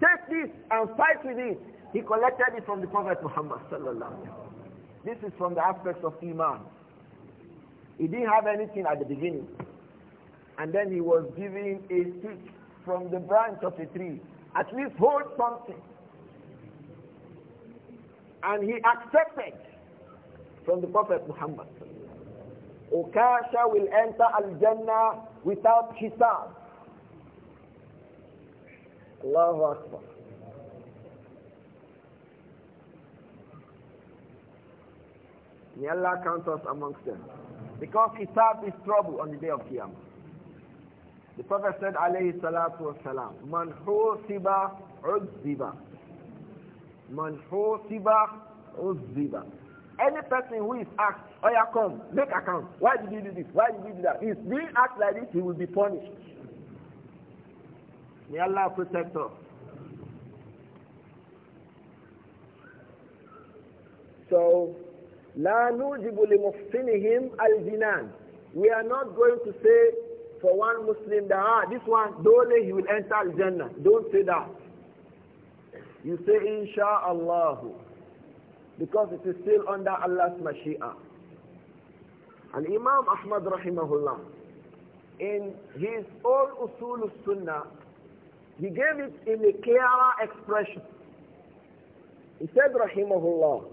[SPEAKER 1] Take this and fight with it. He collected it from the Prophet Muhammad sallallahu This is from the aspects of Iman. He didn't have anything at the beginning. And then he was given a stick from the branch of a tree. At least hold something. And he accepted from the Prophet Muhammad sallallahu Ukasha will enter Al-Jannah without hisab. Allahu Akbar. May Allah count us amongst them. Because hisab is trouble on the day of Qiyamah. The Prophet said, alayhi salatu wasalam, Man husiba uzziba. Man husiba uzziba. Any person who is asked, oh yeah, come, make account. Why did you do this? Why did you do that? If being asked like this, he will be punished. May Allah protect us. So, لا نوجب لمحسنهم الجنان. We are not going to say for one Muslim that ah, this one, dole he will enter Jannah. Don't say that. You say, Insha'Allah because it is still under Allah's Mashiach. And Imam Ahmad rahimahullah, in his old Usul Sunnah, he gave it in a clearer expression. He said rahimahullah,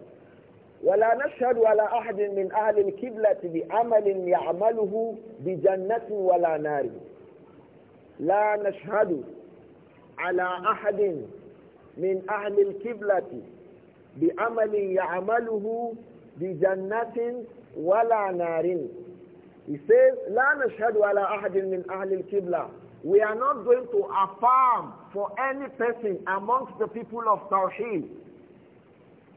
[SPEAKER 1] ولا نشهد على أحد من أهل الكبلة بعمل يعمله بجنة ولا نار لا نشهد على أحد من أهل الكبلة بِعَمَلٍ يَعْمَلُهُ بِجَنَّةٍ وَلَا نَارٍ He says, لَا نَشْهَدُ عَلَى أَحَدٍ مِنْ أَهْلِ الْكِبْلَةِ We are not going to affirm for any person amongst the people of Tawheed.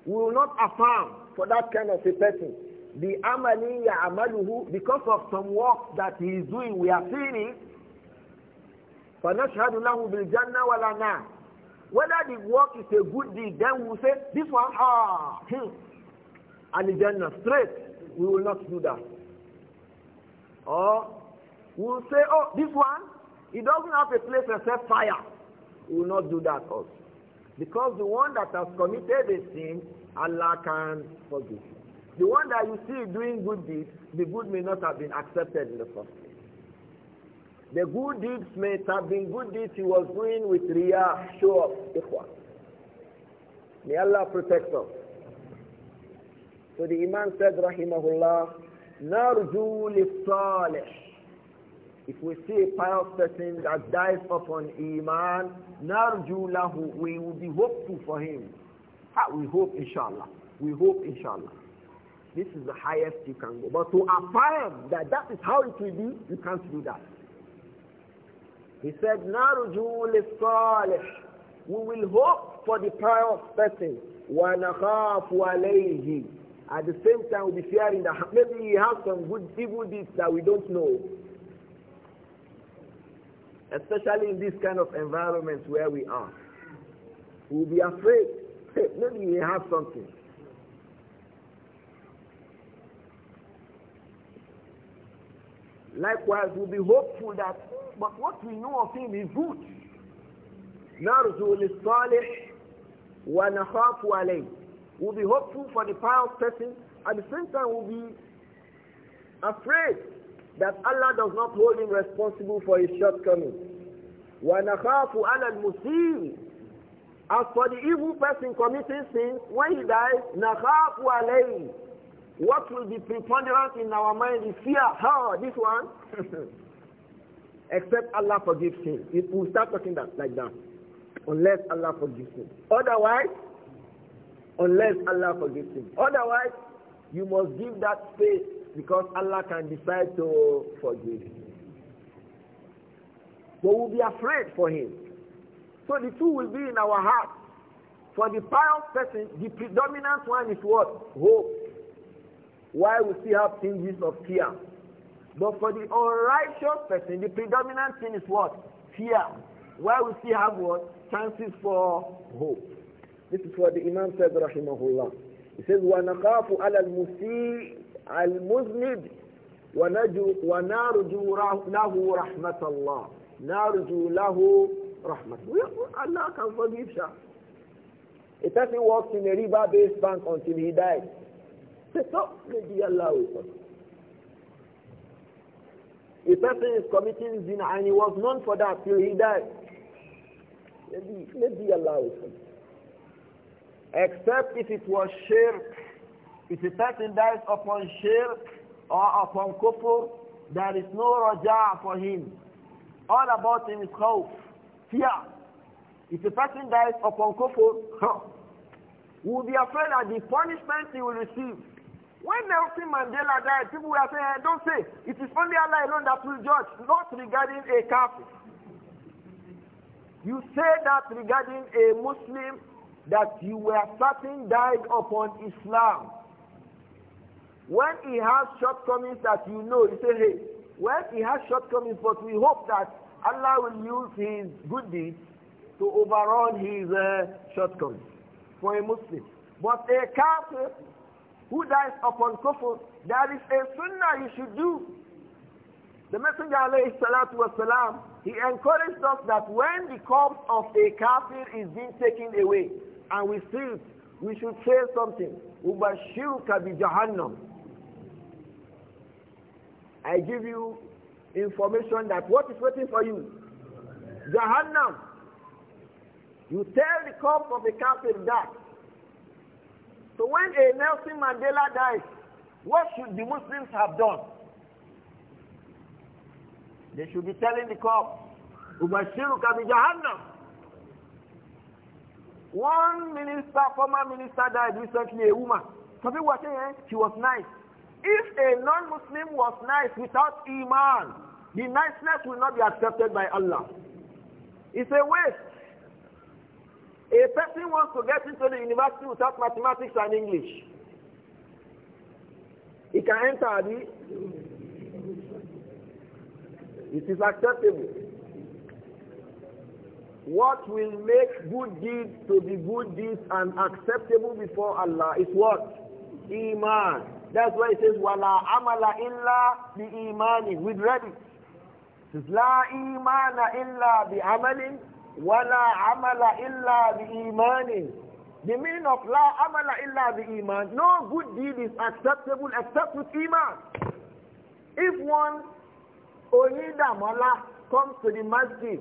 [SPEAKER 1] We will not affirm for that kind of a person. The amali ya'amaluhu because of some work that he is doing, we are seeing it. فَنَشْهَدُ لَهُ بِالْجَنَّةِ وَلَا نَارٍ whether the work is a good deed, then we will say, this one, ah, hmm. And the Jannah uh, straight, we will not do that. Or we'll say, oh, this one, it doesn't have a place except fire. We will not do that also. Because the one that has committed a sin, Allah can forgive. The one that you see doing good deeds, the good may not have been accepted in the first place. The good deeds may have been good deeds he was doing with Riyah, show up, ikhwan. May Allah protect us. So the Imam said, Rahimahullah, Narju lissalih. If we see a pious person that dies upon Iman, Narju lahu, we will be hopeful for him. We hope, inshallah. We hope, inshallah. This is the highest you can go. But to affirm that that is how it will be, you can't do that. He said, Narujul salih. We will hope for the pious person. وَنَخَافُ عَلَيْهِ At the same time, we'll be fearing that maybe he has some good evil deeds that we don't know. Especially in this kind of environment where we are. We'll be afraid, (laughs) maybe he has something. Likewise, we'll be hopeful that, but what we know of him is good. نرجو للصالح ونخاف عليه. We'll be hopeful for the pious person. At the same time, we'll be afraid that Allah does not hold him responsible for his shortcomings. وَنَخَافُ عَلَى الْمُسِيءِ As for the evil person committing sins, when he dies, نَخَافُ عَلَيْهِ what will be preponderant in our mind is fear. How? this one? (laughs) Except Allah forgives him. If we start talking that like that. Unless Allah forgives him. Otherwise, unless Allah forgives him. Otherwise, you must give that space because Allah can decide to forgive him. But we'll be afraid for him. So the two will be in our heart. For the pious person, the predominant one is what? Hope. Why we still have tinges of fear. But for the unrighteous person, the predominant thing is what? Fear. Why we still have what? Chances for hope. This is what the Imam said, rahimahullah. He says, وَنَخَافُ عَلَى الْمُسِيءِ الْمُذْنِبِ وَنَرْجُو لَهُ رَحْمَةَ اللَّهِ نَرْجُو لَهُ رَحْمَةَ Allah can forgive you. A person worked in a river-based bank until he dies say, oh, maybe Allah will forgive. A person is committing zina and he was known for that till he died. let maybe Allah Except if it was shirk. If a person dies upon shirk or upon kufr, there is no raja for him. All about him is khawf, fear. If a person dies upon kufr, huh, will be afraid of the punishment he will receive. When Nelson Mandela died, people were saying, hey, don't say, it is only Allah alone that will judge, not regarding a kafir. You say that regarding a Muslim that you were certain died upon Islam. When he has shortcomings that you know, you say, hey, well, he has shortcomings, but we hope that Allah will use his good deeds to overrun his uh, shortcomings for a Muslim. But a kafir, who dies upon kufr, there is a sunnah you should do. The Messenger alayhi salatu wasalam, he encouraged us that when the corpse of a kafir is being taken away and we see it, we should say something. Ubashiruka bi jahannam. I give you information that what is waiting for you? Jahannam. You tell the corpse of a kafir that so when a Nelson Mandela dies, what should the Muslims have done? They should be telling the cops, Ubashiruka bi Jahannam. One minister, former minister died recently, a woman. Some people were saying eh, she was nice. If a non-Muslim was nice without Iman, the niceness will not be accepted by Allah. It's a waste. A person wants to get into the university without mathematics and English. He can enter the. It is acceptable. What will make good deeds to be good deeds and acceptable before Allah is what? Iman. That's why it says, Wala amala illa bi imani. We read it. it says, La imana illa bi amalin amala illa bi imani. The meaning of la amala illa bi iman. No good deed is acceptable except with iman. If one Onidamala comes to the masjid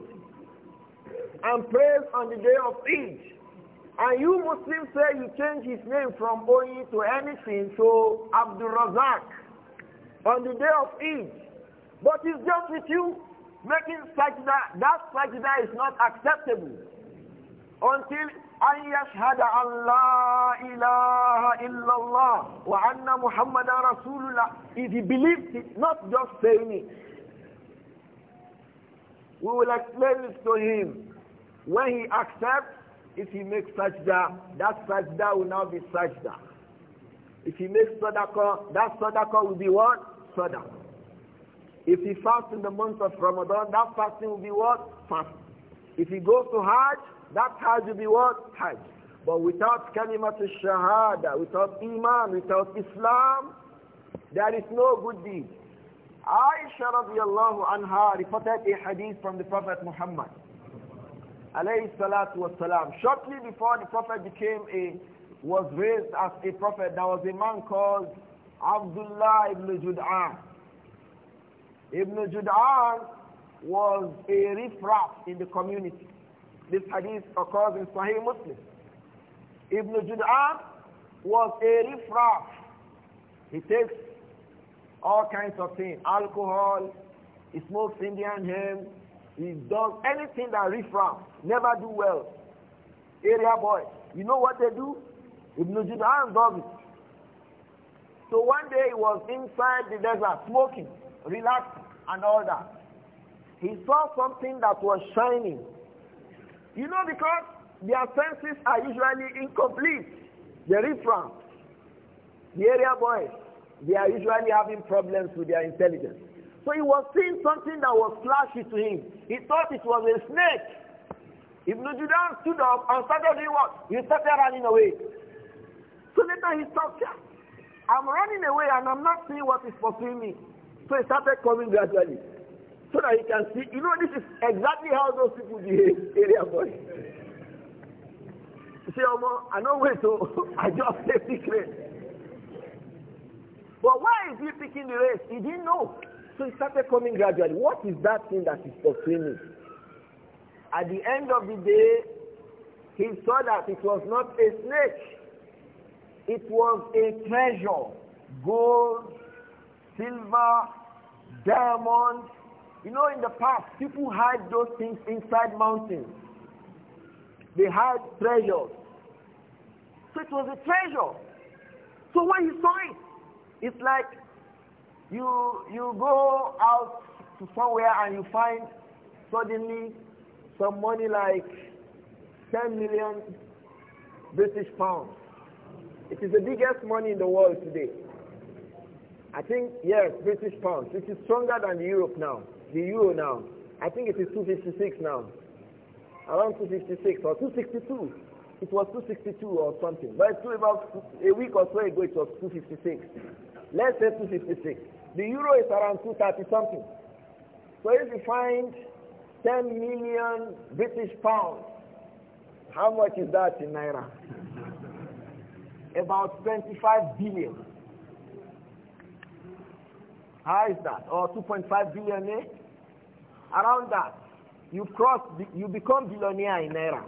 [SPEAKER 1] and prays on the day of Eid, and you Muslims say you change his name from Oyi to anything, so Abdul Razak on the day of Eid, but he's just with you making sajda, that sajda is not acceptable until أن يشهد أن لا إله إلا الله وأن محمدا rasulullah if he believes it not just saying it we will explain it to him when he accepts if he makes sajda that sajda will now be sajda if he makes sadaqah that sadaqah will be what? sadaqah if he fasts in the month of Ramadan, that fasting will be what? Fast. If he goes to Hajj, that Hajj will be what? Hajj. But without kalimat shahada, without iman, without Islam, there is no good deed. Aisha radiallahu anha reported a hadith from the Prophet Muhammad alayhi salatu wasalam. Shortly before the Prophet became a, was raised as a prophet, there was a man called Abdullah ibn Jud'an. Ibn Jud'an was a riffraff in the community. This hadith occurs in Sahih Muslim. Ibn Jud'an was a riffraff. He takes all kinds of things, alcohol, he smokes Indian hemp, he does anything that riffraff, never do well. Area boy, you know what they do? Ibn Jud'an does it. So one day he was inside the desert smoking, relaxing and all that. He saw something that was shining. You know, because their senses are usually incomplete. The reference, the area boys, they are usually having problems with their intelligence. So he was seeing something that was flashy to him. He thought it was a snake. Ibn Judan stood up and started doing what? He started running away. So later he stopped. I'm running away and I'm not seeing what is pursuing me. So he started coming gradually. So that he can see, you know, this is exactly how those people behave, area (laughs) boy. You say, Omo, I know where to, (laughs) I just take the race. But why is he picking the race? He didn't know. So he started coming gradually. What is that thing that is pursuing me? At the end of the day, he saw that it was not a snake. It was a treasure, gold, silver, diamonds. You know, in the past, people hide those things inside mountains. They hide treasures. So it was a treasure. So when you saw it, it's like you you go out to somewhere and you find suddenly some money like 10 million British pounds. It is the biggest money in the world today. I think, yes, British pounds, It is stronger than the Europe now, the euro now. I think it is 256 now, around 256 or 262. It was 262 or something. But it's about a week or so ago, it was 256. Let's say 256. The euro is around 230 something. So if you find 10 million British pounds, how much is that in Naira?
[SPEAKER 2] (laughs)
[SPEAKER 1] about 25 billion. How is that? Or 2.5 billion eh? Around that, you cross, you become billionaire in era.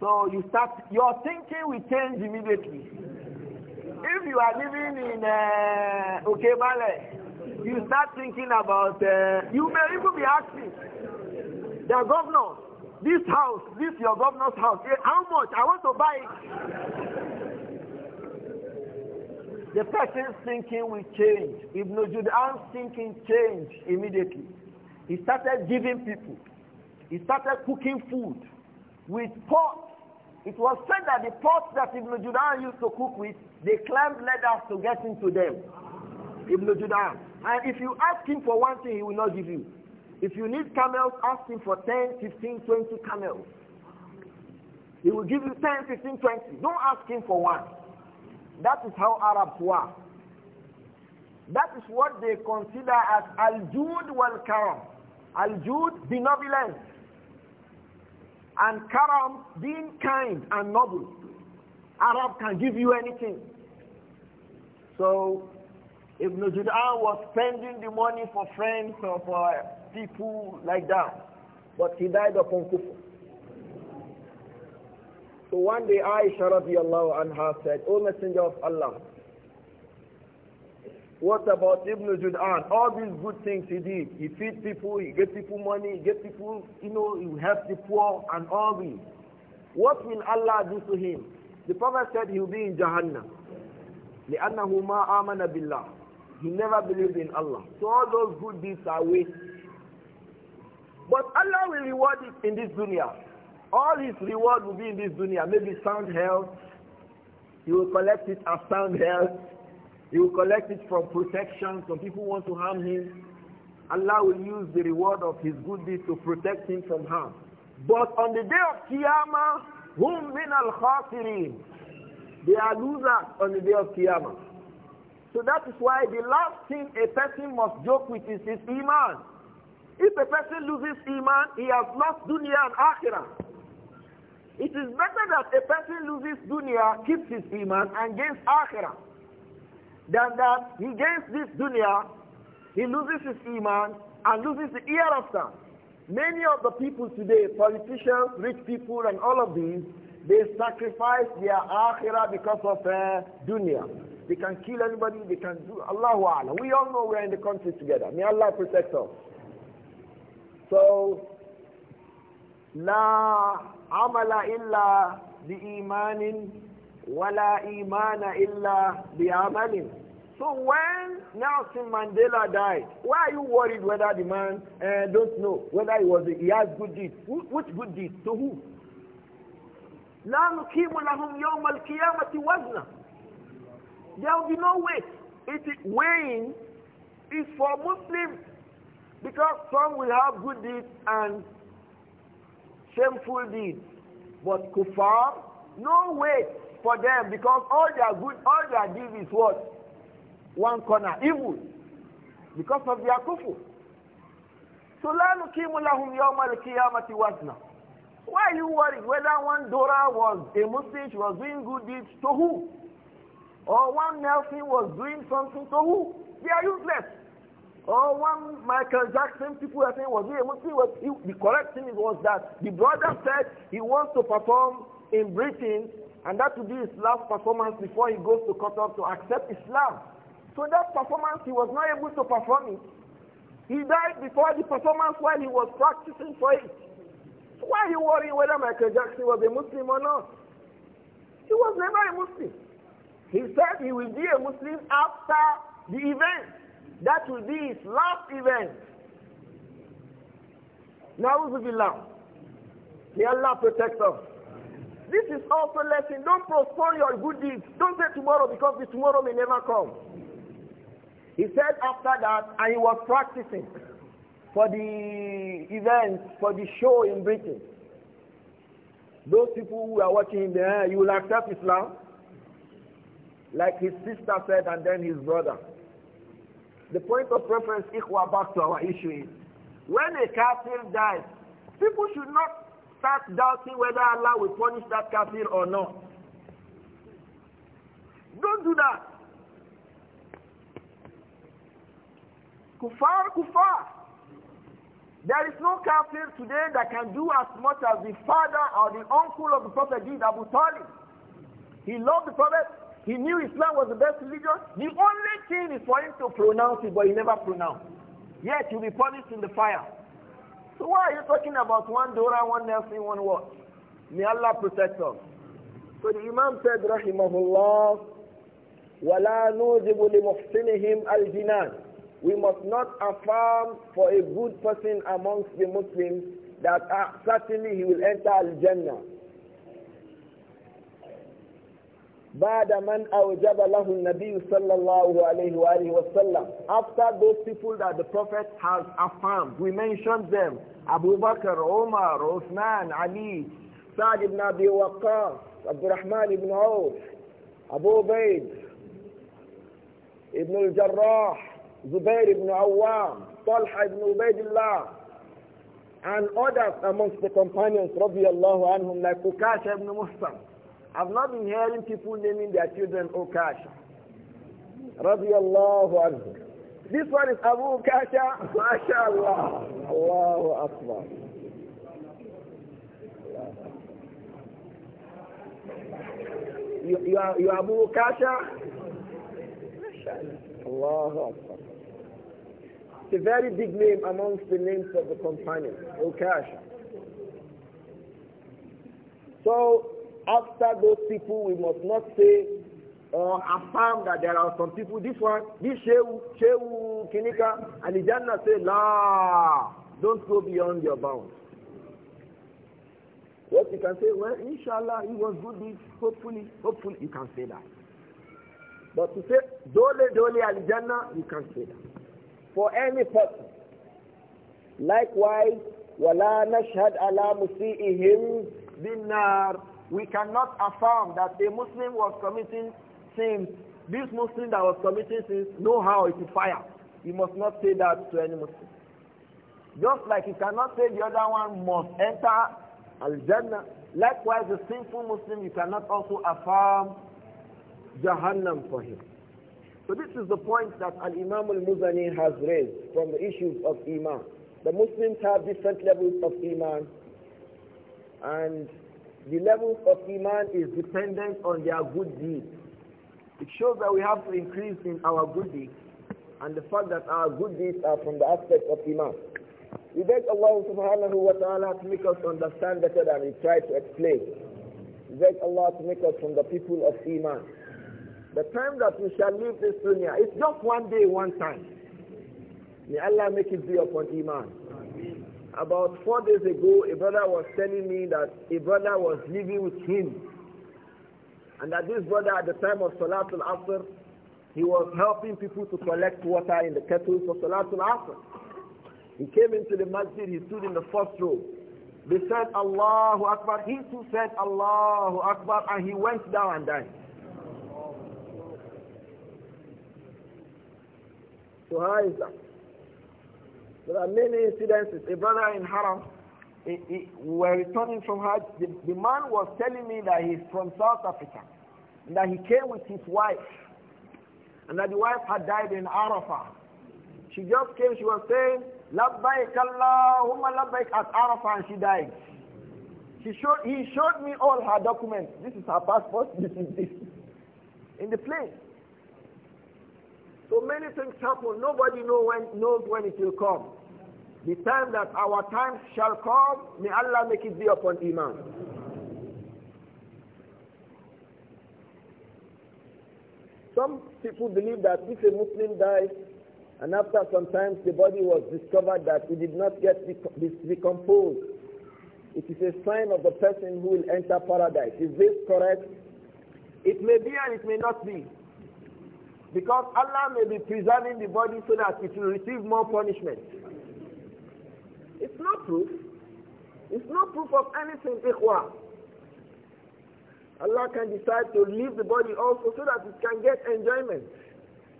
[SPEAKER 1] So you start, your thinking will change immediately. If you are living in uh, Okebale, you start thinking about, uh, you may even be asking, the governor, this house, this your governor's house, eh, how much? I want to buy it. The person's thinking will change. Ibn Judan's thinking changed immediately. He started giving people. He started cooking food with pots. It was said that the pots that Ibn Judan used to cook with, they climbed ladders to get into them. Ibn Judan. And if you ask him for one thing, he will not give you. If you need camels, ask him for 10, 15, 20 camels. He will give you 10, 15, 20. Don't ask him for one. That is how Arabs were. That is what they consider as al-jud wal-karam. Al-jud, benevolence. And karam, being kind and noble. Arab can give you anything. So, Ibn Jud'an was spending the money for friends or for people like that. But he died upon kufr. So one day Aisha radiallahu anha said, O Messenger of Allah, what about Ibn Jud'an? All these good things he did. He feed people, he get people money, he get people, you know, he help the poor and all these. What will Allah do to him? The Prophet said he will be in Jahannam. لأنه ما آمن بالله. He never believed in Allah. So all those good deeds are waste. But Allah will reward it in this dunya. All his reward will be in this dunya. Maybe sound health. He will collect it as sound health. He will collect it from protection. Some people want to harm him. Allah will use the reward of his good deeds to protect him from harm. But on the day of Qiyamah, whom min al khasirin They are losers on the day of Qiyamah. So that is why the last thing a person must joke with is his iman. If a person loses iman, he has lost dunya and akhirah. It is better that a person loses dunya, keeps his iman, and gains akhirah, than that he gains this dunya, he loses his iman, and loses the hereafter. Many of the people today, politicians, rich people, and all of these, they sacrifice their akhirah because of uh, dunya. They can kill anybody, they can do Allahu Allah. We all know we are in the country together. May Allah protect us. So, la amala illa bi imanin wala imana illa bi So when Nelson Mandela died, why are you worried whether the man uh, don't know whether he was a, he has good deeds? Which good deeds? To who? لا نقيم لهم يوم القيامة وزنا. There will be no weight. It is weighing is for Muslims because some will have good deeds and shameful deeds. But kuffar, no way for them because all their good, all their deeds is what? One corner, evil. Because of their kufu. So la nukimu lahum yawma al-qiyamati wazna. Why are you worried whether one Dora was a Muslim, she was doing good deeds to who? Or one Nelson was doing something to who? They are useless. Or oh, one Michael Jackson, people are saying, was he a Muslim? Was he? The correct thing was that the brother said he wants to perform in Britain and that would be his last performance before he goes to Qatar to accept Islam. So that performance, he was not able to perform it. He died before the performance while he was practicing for it. So why are you worrying whether Michael Jackson was a Muslim or not? He was never a Muslim. He said he will be a Muslim after the event. That will be his last event. last. May Allah protect us. This is also lesson. Don't postpone your good deeds. Don't say tomorrow because the tomorrow may never come. He said after that, and he was practicing for the event, for the show in Britain. Those people who are watching him there, eh, you will accept Islam? Like his sister said, and then his brother. The point of reference, Ikhwa, back to our issue is, when a kafir dies, people should not start doubting whether Allah will punish that kafir or not. Don't do that. Kufar, kufar. There is no kafir today that can do as much as the father or the uncle of the Prophet did, Abu Talib. He loved the Prophet. He knew Islam was the best religion. The only thing is for him to pronounce it, but he never pronounced. Yet he'll be punished in the fire. So why are you talking about one Dora, one Nelson, one what? May Allah protect us. So the Imam said, Rahimahullah, وَلَا نُوزِبُ لِمُحْسِنِهِمْ الْجِنَانِ We must not affirm for a good person amongst the Muslims that uh, certainly he will enter Al-Jannah. بعد من أوجب له النبي صلى الله عليه وآله وسلم after those people that the Prophet has affirmed we mentioned them Abu Bakr, Omar, Uthman, Ali Sa'd ibn Abi Waqqas Abdurrahman ibn Awf Abu Ubaid ibn al-Jarrah Zubair ibn Awwam Talha ibn Ubaidullah and others amongst the companions رضي الله عنهم like Ukash ibn Musa I've not been hearing people naming their children Okasha. Radiallahu anhu. This one is Abu Okasha. MashaAllah. Allahu Akbar. You, you, are, you are Abu Okasha? Allahu Akbar. It's a very big name amongst the names of the companions. Okasha. So after those people, we must not say or uh, affirm that there are some people, this one, this Shehu, Shehu Kinika, and the Jannah say, La, don't go beyond your bounds. What you can say, well, inshallah, he was good this, hopefully, hopefully, you can say that. But to say, dole, dole, al you can say that. For any person. Likewise, وَلَا نَشْهَدْ عَلَى مُسِيئِهِمْ بِالنَّارِ we cannot affirm that a Muslim was committing sins. This Muslim that was committing sins know how it is fire. You must not say that to any Muslim. Just like you cannot say the other one must enter Al-Jannah. Likewise, the sinful Muslim, you cannot also affirm Jahannam for him. So this is the point that Al-Imam Al-Muzani has raised from the issues of Iman. The Muslims have different levels of Iman and the level of Iman is dependent on their good deeds. It shows that we have to increase in our good deeds and the fact that our good deeds are from the aspect of Iman. We beg Allah subhanahu wa ta'ala to make us understand better than we try to explain. We beg Allah to make us from the people of Iman. The time that we shall leave this dunya, it's just one day, one time. May Allah make it be upon Iman about four days ago, a brother was telling me that a brother was living with him. And that this brother at the time of Salatul Asr, he was helping people to collect water in the kettles for Salatul Asr. He came into the masjid, he stood in the first row. They said Allahu Akbar. He too said Allahu Akbar and he went down and died. So how is that? There are many incidences. A brother in Haram, he, he, we were returning from Hajj. The, the man was telling me that he's from South Africa and that he came with his wife and that the wife had died in Arafah. She just came, she was saying, Labbaik Allahumma Labbaik at Arafah and she died. She showed, he showed me all her documents. This is her passport, (laughs) this is this. In the plane. So many things happen. Nobody know when, knows when it will come. The time that our time shall come, may Allah make it be upon Iman. Some people believe that if a Muslim dies and after some time the body was discovered that it did not get decomposed, it is a sign of the person who will enter paradise. Is this correct? It may be and it may not be. Because Allah may be preserving the body so that it will receive more punishment. It's not proof. It's not proof of anything, ikhwa. Allah can decide to leave the body also so that it can get enjoyment.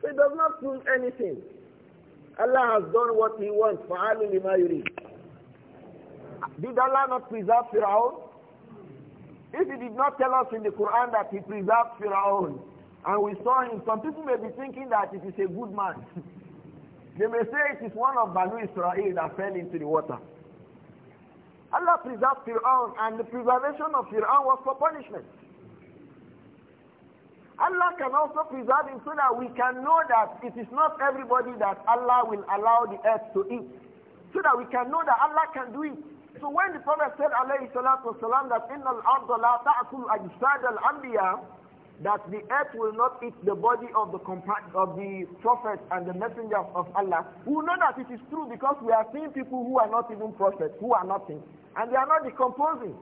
[SPEAKER 1] So it does not prove anything. Allah has done what he wants. for Alimayuri. Did Allah not preserve Fir'aun? If he did not tell us in the Quran that he preserved Fir'aun, and we saw him, some people may be thinking that it is a good man. (laughs) They may say it is one of Banu Israel that fell into the water. Allah preserved Fir'aun and the preservation of Fir'aun was for punishment. Allah can also preserve him so that we can know that it is not everybody that Allah will allow the earth to eat. So that we can know that Allah can do it. So when the Prophet said alayhi salatu wasalam that إِنَّ الْأَرْضَ لَا تَأْكُلْ أَجْسَادَ الْأَنْبِيَا that the earth will not eat the body of the of the prophet and the messenger of Allah, we know that it is true because we are seeing people who are not even prophets, who are nothing, and they are not decomposing.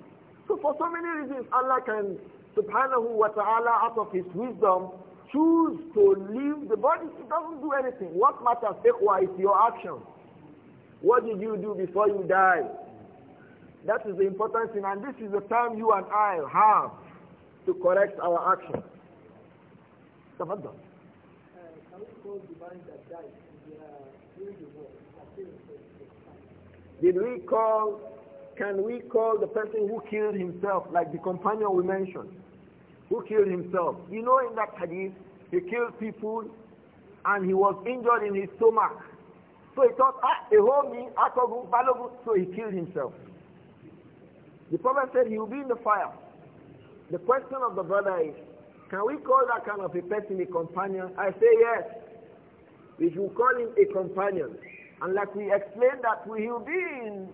[SPEAKER 1] So for so many reasons, Allah can, subhanahu wa ta'ala, out of his wisdom, choose to leave the body. It doesn't do anything. What matters, ikhwa, is your action. What did you do before you die? That is the important thing, and this is the time you and I have to correct our action. Did we call, can we call the person who killed himself, like the companion we mentioned, who killed himself? You know in that hadith, he killed people and he was injured in his stomach. So he thought, ah, a homie, so he killed himself. The Prophet said he will be in the fire. The question of the brother is, can we call that kind of a person a companion? I say yes. We should call him a companion. And like we explained that we will be in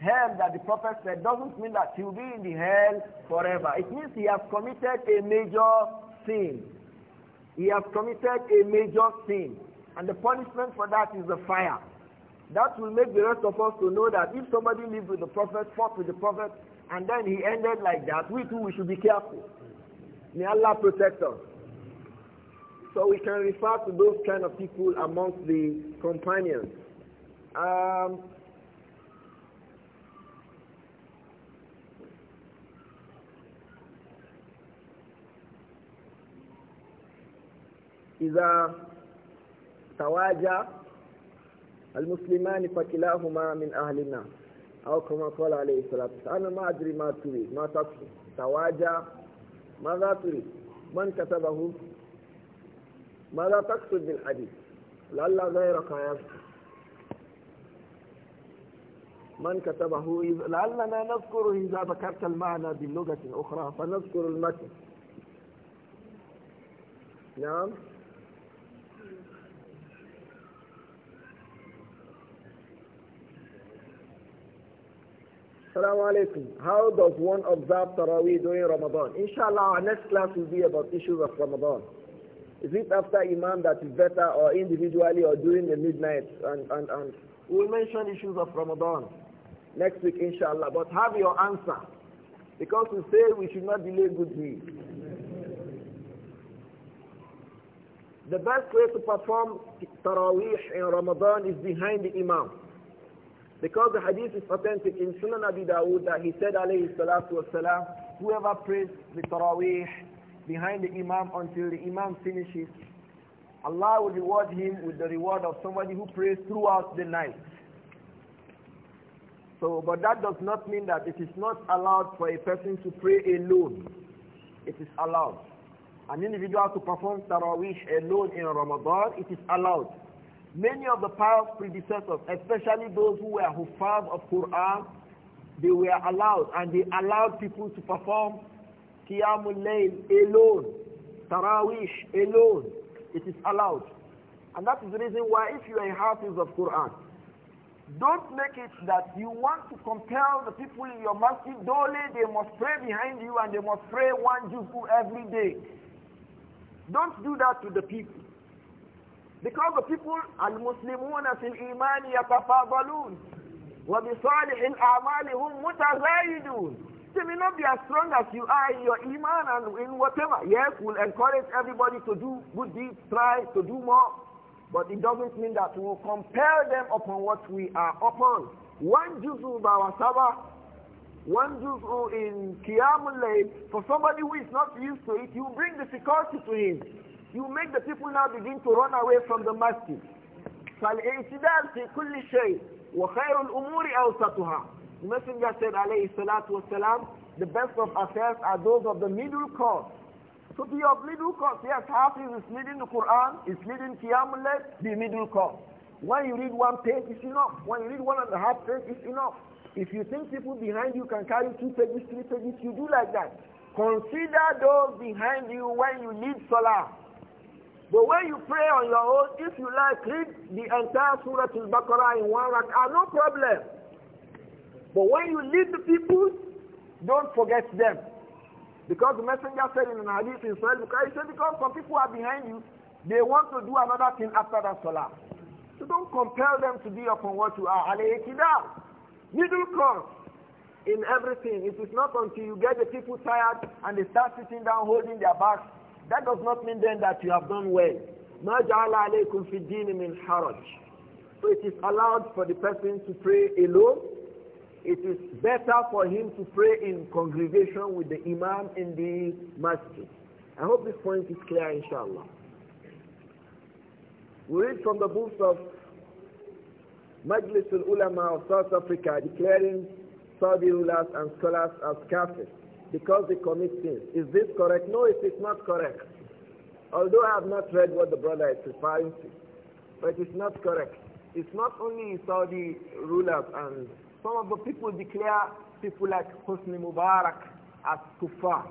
[SPEAKER 1] hell that the prophet said doesn't mean that he will be in the hell forever. It means he has committed a major sin. He has committed a major sin. And the punishment for that is the fire. That will make the rest of us to know that if somebody lives with the prophet, fought with the prophet, and then he ended like that. We too, we should be careful. May Allah protect us. So we can refer to those kind of people amongst the companions. Um, إذا تواجه المسلمان فكلاهما من أهل النار أو كما قال عليه الصلاة والسلام أنا ما أدري ما تريد ما تقصد تواجع ماذا تريد من كتبه ماذا تقصد بالحديث لعل غيرك يذكر من كتبه لعلنا نذكره إذا ذكرت المعنى باللغة الأخرى فنذكر المتن نعم Assalamu alaikum. How does one observe Taraweeh during Ramadan? Inshallah, our next class will be about issues of Ramadan. Is it after Imam that is better or individually or during the midnight? And, and, and we'll mention issues of Ramadan next week, inshallah. But have your answer. Because we say we should not delay good deeds. The best way to perform Taraweeh in Ramadan is behind the Imam. Because the hadith is authentic in Sunan Abi Dawood that he said alayhi salatu wasalam, whoever prays the Taraweeh behind the Imam until the Imam finishes, Allah will reward him with the reward of somebody who prays throughout the night. So, but that does not mean that it is not allowed for a person to pray alone. It is allowed. An individual to perform Taraweeh alone in Ramadan, it is allowed. Many of the pious predecessors, especially those who were Hufab of Quran, they were allowed and they allowed people to perform Qiyamul Layl alone, Tarawish alone. It is allowed. And that is the reason why if you are a hafiz of Quran, don't make it that you want to compel the people in your masjid, Dole they must pray behind you and they must pray one juzu every day. Don't do that to the people. Because the people, المسلمون في الإيمان يتفاضلون وبصالح الأعمال هم متزايدون. They may not be as strong as you are in your iman and in whatever. Yes, we'll encourage everybody to do good deeds, try to do more. But it doesn't mean that we will compare them upon what we are upon. One juzu bawa sabah, one juzu in qiyamul layl, for somebody who is not used to it, you bring difficulty to him you make the people now begin to run away from the masjid. فالاعتدال في كل شيء وخير الأمور أوسطها. The Messenger said عليه الصلاة والسلام, the best of affairs are those of the middle course. So be of middle course. Yes, half is reading the Quran, is reading Qiyamul be middle course. When you read one page, it's enough. When you read one and a half page, it's enough. If you think people behind you can carry two pages, three pages, you do like that. Consider those behind you when you need Salah. But when you pray on your own, if you like, read the entire Surah Al-Baqarah in one rak'ah, no problem. But when you lead the people, don't forget them. Because the messenger said in an hadith in Sahih Bukhari, he said, because some people are behind you, they want to do another thing after that salah. So don't compel them to be upon what you are. Alayhikidar. Middle course in everything. It is not until you get the people tired and they start sitting down holding their backs that does not mean then that you have done well. مَا جَعَلَ عَلَيْكُمْ فِي الدِّينِ مِنْ حَرَجٍ So it is allowed for the person to pray alone. It is better for him to pray in congregation with the imam in the masjid. I hope this point is clear, inshallah. We read from the books of Majlis al-Ulama of South Africa declaring Saudi rulers and scholars as kafirs because they commit sins. Is this correct? No, it is not correct. Although I have not read what the brother is referring to, but it's not correct. It's not only Saudi rulers and some of the people declare people like Hosni Mubarak as kuffar.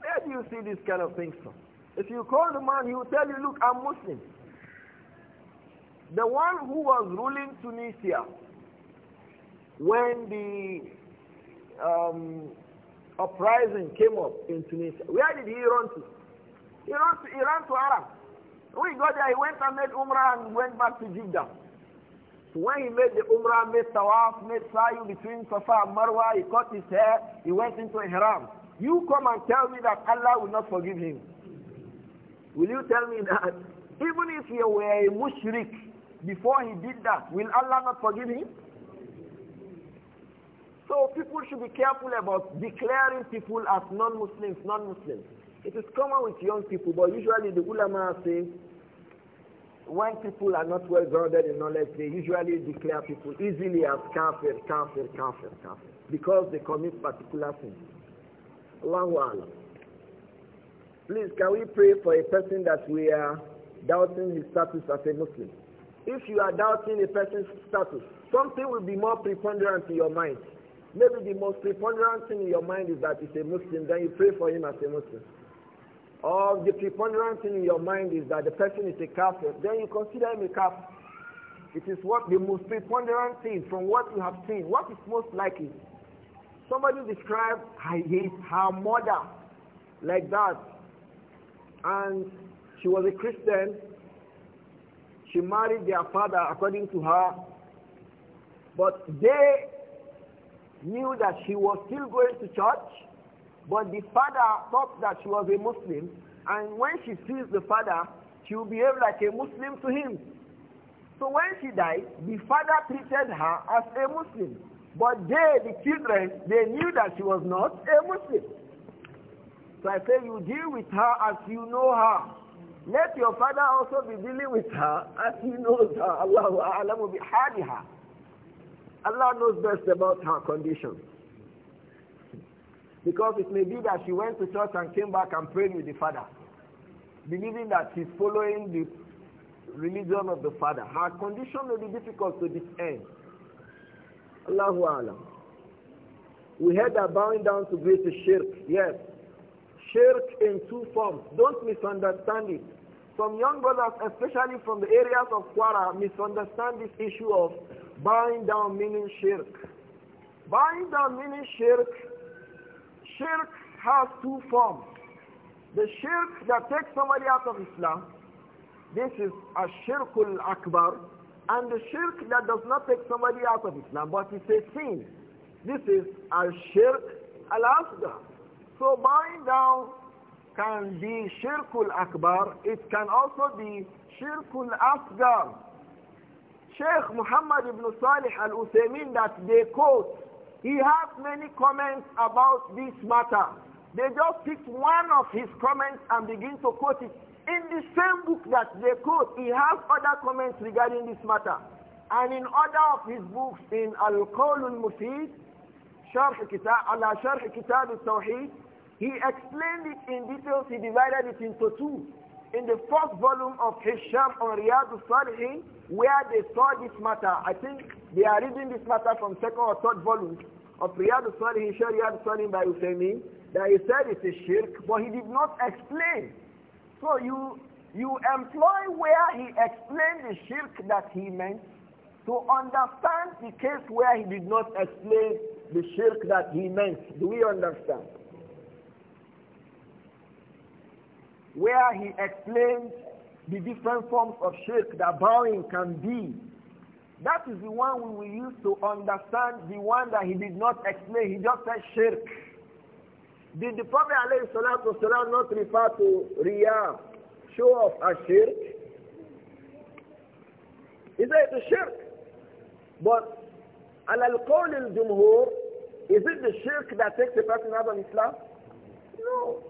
[SPEAKER 1] Where do you see this kind of things from? If you call the man, he will tell you, look, I'm Muslim. The one who was ruling Tunisia when the um, uprising came up in Tunisia, where did he run to? He ran to, he ran to Arab. When he got there, he went and made Umrah and went back to Jeddah. So when he made the Umrah, made Tawaf, made Sayu between Safa and Marwa, he cut his hair, he went into a Haram. You come and tell me that Allah will not forgive him. Will you tell me that? Even if he were a mushrik before he did that, will Allah not forgive him? So people should be careful about declaring people as non-Muslims, non-Muslims. It is common with young people, but usually the ulama say, when people are not well grounded in knowledge, they usually declare people easily as kafir, kafir, kafir, kafir, because they commit particular sins. Allahu Allah. Please, can we pray for a person that we are doubting his status as a Muslim? If you are doubting a person's status, something will be more preponderant in your mind. Maybe the most preponderant thing in your mind is that he's a Muslim, then you pray for him as a Muslim. Or the preponderant thing in your mind is that the person is a Catholic. then you consider him a Catholic. It is what the most preponderant thing from what you have seen. What is most likely? Somebody described his, her mother like that. And she was a Christian. She married their father according to her. But they knew that she was still going to church, but the father thought that she was a Muslim, and when she sees the father, she will behave like a Muslim to him. So when she died, the father treated her as a Muslim. But they, the children, they knew that she was not a Muslim. So I say, you deal with her as you know her. Let your father also be dealing with her as he knows her. Allahu a'lamu her. Allah knows best about her condition. Because it may be that she went to church and came back and prayed with the father, believing that she's following the religion of the father. Her condition may be difficult to this end. Allahu Alam. We heard that bowing down to grace is shirk. Yes. Shirk in two forms. Don't misunderstand it. Some young brothers, especially from the areas of Kwara, misunderstand this issue of Bowing down meaning shirk. Bowing down meaning shirk. Shirk has two forms. The shirk that takes somebody out of Islam, this is a shirkul akbar, and the shirk that does not take somebody out of Islam, but it's a sin. This is a shirk al-asghar. So bowing down can be shirkul akbar, it can also be shirkul asghar. Sheikh Muhammad ibn Salih al Uthaymeen that they quote, he has many comments about this matter. They just pick one of his comments and begin to quote it. In the same book that they quote, he has other comments regarding this matter. And in other of his books, in Al-Qawl al-Mufid, Kitab Al Sharh Kitab al التوحيد he explained it in details he divided it into two in the first volume of Hisham on Riyadh salihin where they saw this matter. I think they are reading this matter from second or third volume of Riyadh salihin Riyadh al-Salihin by Uthaymeen, that he said it's a shirk, but he did not explain. So you, you employ where he explained the shirk that he meant to understand the case where he did not explain the shirk that he meant. Do we understand? where he explains the different forms of shirk that bowing can be. That is the one we will use to understand the one that he did not explain. He just said shirk. Did the Prophet ﷺ not refer to riyah, show of a shirk? He said it's a shirk. But al al-qawl al-jumhur, is it the shirk that takes a person out of Islam? No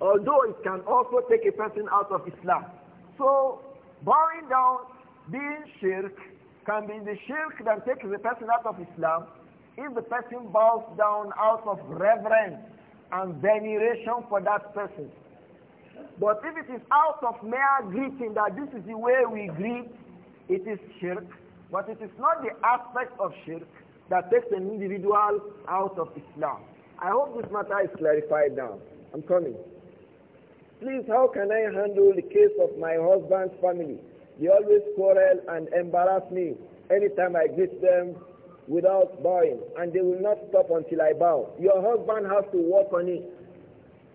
[SPEAKER 1] although it can also take a person out of Islam. So bowing down, being shirk, can be the shirk that takes the person out of Islam if the person bows down out of reverence and veneration for that person. But if it is out of mere greeting that this is the way we greet, it is shirk. But it is not the aspect of shirk that takes an individual out of Islam. I hope this matter is clarified now. I'm coming. Please, how can I handle the case of my husband's family? They always quarrel and embarrass me anytime I greet them without bowing, and they will not stop until I bow. Your husband has to work on it.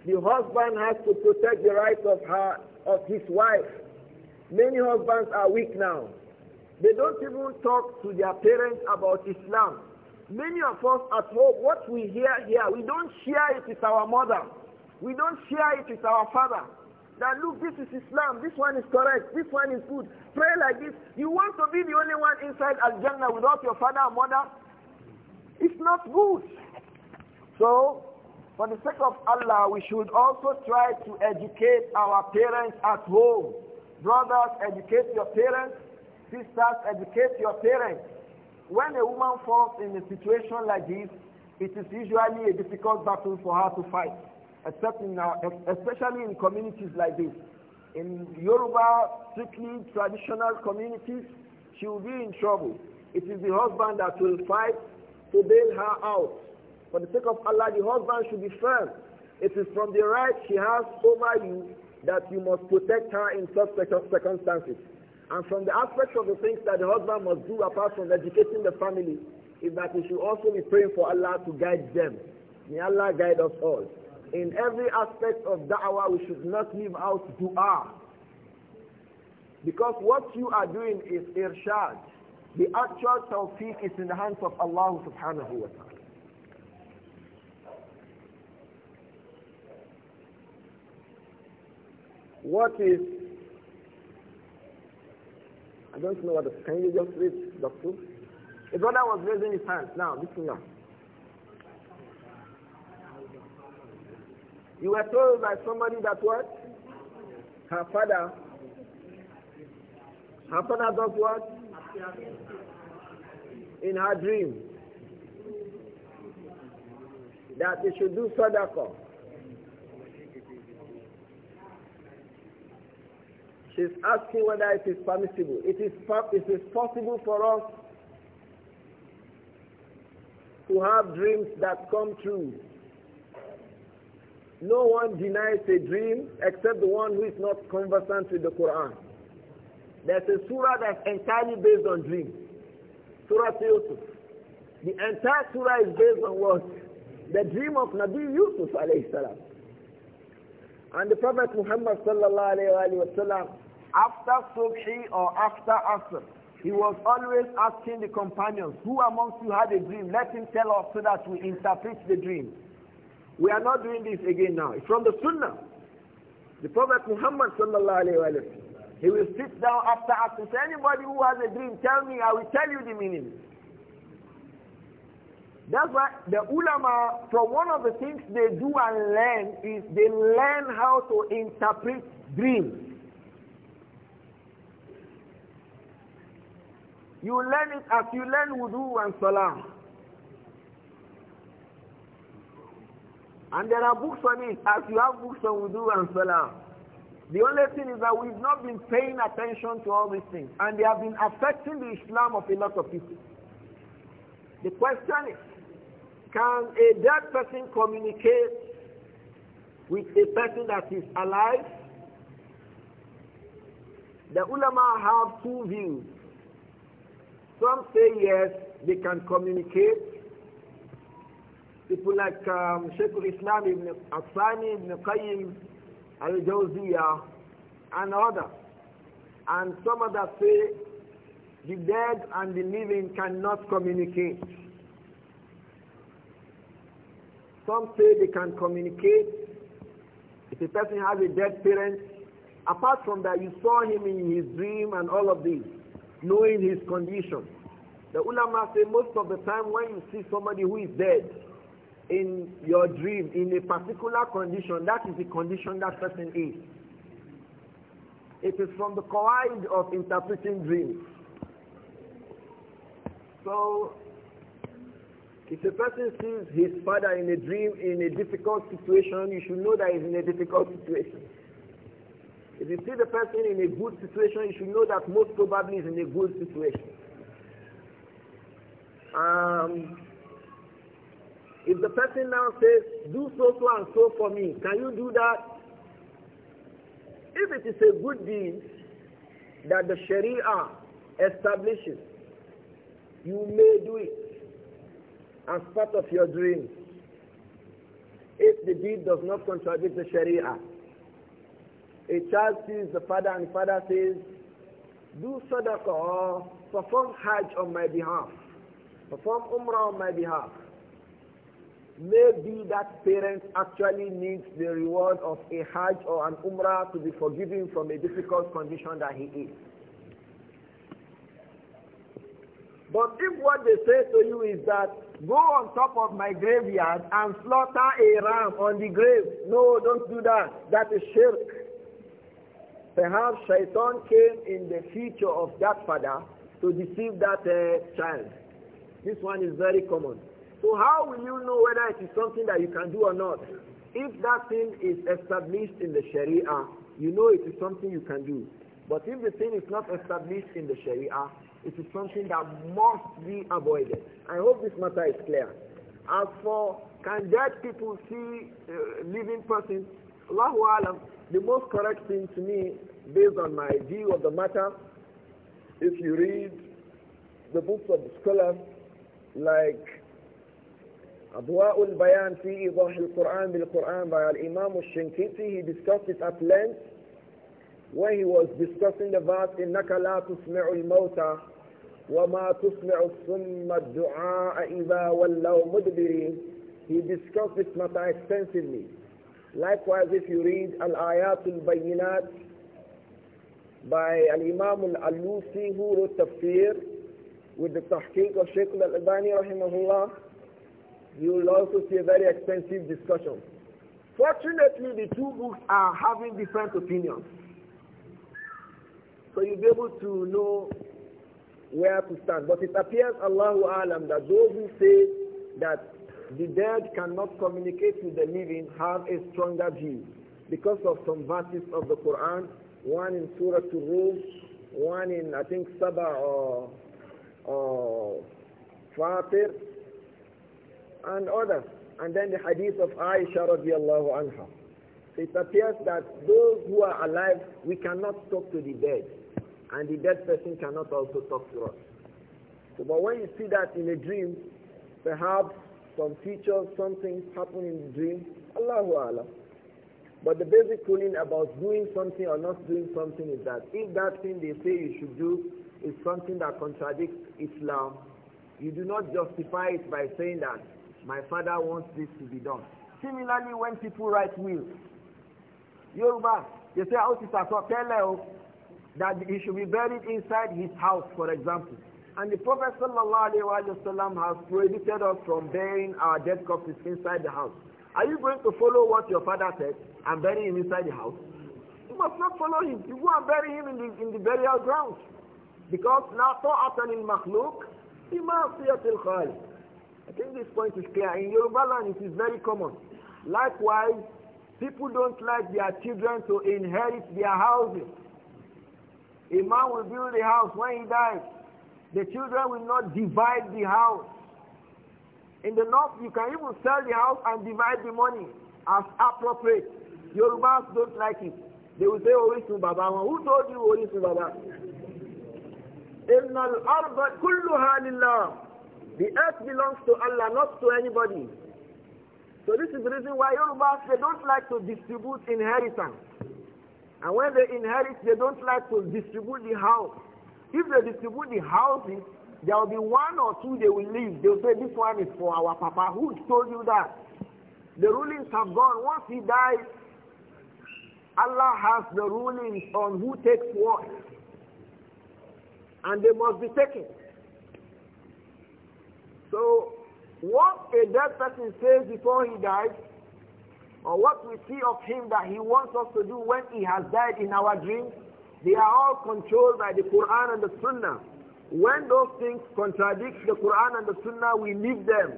[SPEAKER 1] The husband has to protect the rights of her, of his wife. Many husbands are weak now. They don't even talk to their parents about Islam. Many of us at home, what we hear here, we don't share it with our mother. We don't share it with our father. That look, this is Islam, this one is correct, this one is good. Pray like this. You want to be the only one inside Al Jannah without your father and mother? It's not good. So, for the sake of Allah, we should also try to educate our parents at home. Brothers, educate your parents. Sisters, educate your parents. When a woman falls in a situation like this, it is usually a difficult battle for her to fight except in our, especially in communities like this. In Yoruba, strictly traditional communities, she will be in trouble. It is the husband that will fight to bail her out. For the sake of Allah, the husband should be firm. It is from the right she has over you that you must protect her in such circumstances. And from the aspect of the things that the husband must do apart from educating the family, is that he should also be praying for Allah to guide them. May Allah guide us all in every aspect of da'wah, we should not leave out dua. Because what you are doing is irshad. The actual tawfiq is in the hands of Allah subhanahu wa ta'ala. What is, I don't know what, the, can you just read, Doctor? The I was raising his hand. Now, listen now. You were told by somebody that what? Her father. Her father does what? In her dream. That they should do sadaqah. She's asking whether it is permissible. It is, it is possible for us to have dreams that come true. No one denies a dream except the one who is not conversant with the Quran. There's a surah that's entirely based on dreams. Surah Yusuf. The entire surah is based on what? The dream of Nabi Yusuf alayhi salam. And the Prophet Muhammad sallallahu alayhi wa sallam, after Subhi or after Asr, he was always asking the companions, who amongst you had a dream? Let him tell us so that we interpret the dream. We are not doing this again now. It's from the Sunnah. The Prophet Muhammad sallallahu alayhi wa sallam, he will sit down after us and say, anybody who has a dream, tell me, I will tell you the meaning. That's why the ulama, from one of the things they do and learn is they learn how to interpret dreams. You learn it as you learn wudu and salah. And there are books on it, as you have books on wudu and salah. The only thing is that we've not been paying attention to all these things. And they have been affecting the Islam of a lot of people. The question is, can a dead person communicate with a person that is alive? The ulama have two views. Some say yes, they can communicate people like um, Sheikh Islam ibn Afsani ibn Qayyim al Jawziyah and others. And some others say the dead and the living cannot communicate. Some say they can communicate. If a person has a dead parent, apart from that, you saw him in his dream and all of this, knowing his condition. The ulama say most of the time when you see somebody who is dead, in your dream in a particular condition, that is the condition that person is. It is from the collide of interpreting dreams. So, if a person sees his father in a dream in a difficult situation, you should know that he's in a difficult situation. If you see the person in a good situation, you should know that most probably is in a good situation. Um, if the person now says, do so, so and so for me, can you do that? If it is a good deed that the Sharia establishes, you may do it as part of your dream. if the deed does not contradict the Sharia. A child sees the father and the father says, do sadaqah perform hajj on my behalf. Perform umrah on my behalf. Maybe that parent actually needs the reward of a Hajj or an Umrah to be forgiven from a difficult condition that he is. But if what they say to you is that, go on top of my graveyard and slaughter a ram on the grave. No, don't do that. That is shirk. Perhaps Shaitan came in the future of that father to deceive that uh, child. This one is very common. So how will you know whether it is something that you can do or not? If that thing is established in the Sharia, you know it is something you can do. But if the thing is not established in the Sharia, it is something that must be avoided. I hope this matter is clear. As for can dead people see uh, living persons, Allahu Alam, the most correct thing to me, based on my view of the matter, if you read the books of the scholars, like أضواء البيان في إيضاح القرآن بالقرآن by الإمام الشنكيتي he discussed it at length when he was discussing the verse إنك لا تسمع الموتى وما تسمع الصم الدعاء إذا ولوا مدبرين he discussed this matter extensively likewise if you read الآيات البينات by الإمام الألوسي who wrote tafsir with the tahqiq of Sheikh al-Albani rahimahullah you will also see a very extensive discussion. Fortunately, the two books are having different opinions. So you'll be able to know where to stand. But it appears, Allahu Alam, that those who say that the dead cannot communicate with the living have a stronger view because of some verses of the Quran, one in Surah Rum, one in, I think, Sabah or, or Fatir, and others. And then the hadith of Aisha radiallahu anha. So it appears that those who are alive, we cannot talk to the dead. And the dead person cannot also talk to us. So, but when you see that in a dream, perhaps some features, something things happen in the dream, Allahu Allah. But the basic ruling about doing something or not doing something is that if that thing they say you should do is something that contradicts Islam, you do not justify it by saying that my father wants this to be done. Similarly, when people write will, Yoruba, you say, oh, tell oh, that he should be buried inside his house, for example. And the Prophet wasallam has prohibited us from burying our dead corpses inside the house. Are you going to follow what your father said and bury him inside the house? You must not follow him. You go and bury him in the, in the burial ground. Because لا طاعة للمخلوق في معصية الخالق. I think this point is clear. In Yoruba land, it is very common. Likewise, people don't like their children to inherit their houses. A man will build a house when he dies. The children will not divide the house. In the north, you can even sell the house and divide the money as appropriate. Yorubas don't like it. They will say, Orisun Baba. Who told you Orisun Baba? إِنَّ الْأَرْضَ كُلُّهَا لِلَّهِ the earth belongs to Allah, not to anybody. So this is the reason why Yoruba they don't like to distribute inheritance. And when they inherit, they don't like to distribute the house. If they distribute the houses, there will be one or two they will leave. They will say, this one is for our papa. Who told you that? The rulings have gone. Once he dies, Allah has the rulings on who takes what. And they must be taken. So, what a dead person says before he dies, or what we see of him that he wants us to do when he has died in our dreams, they are all controlled by the Quran and the Sunnah. When those things contradict the Quran and the Sunnah, we leave them.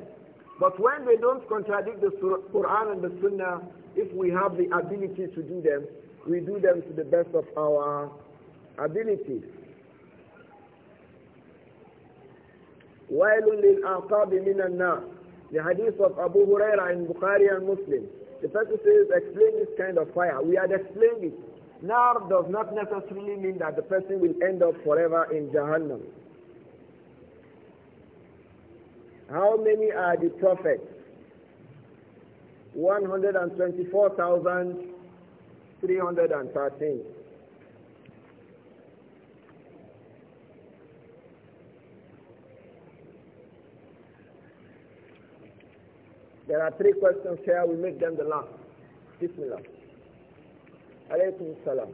[SPEAKER 1] But when they don't contradict the Quran and the Sunnah, if we have the ability to do them, we do them to the best of our ability. وَيْلٌ لِلْأَعْقَابِ مِنَ النَّارِ The hadith of Abu Huraira in Bukhari and Muslim. The person says, explain this kind of fire. We had explained it. Nar does not necessarily mean that the person will end up forever in Jahannam. How many are the prophets? 124,313. There are three questions here. We make them the last. Bismillah. Alaykum salam.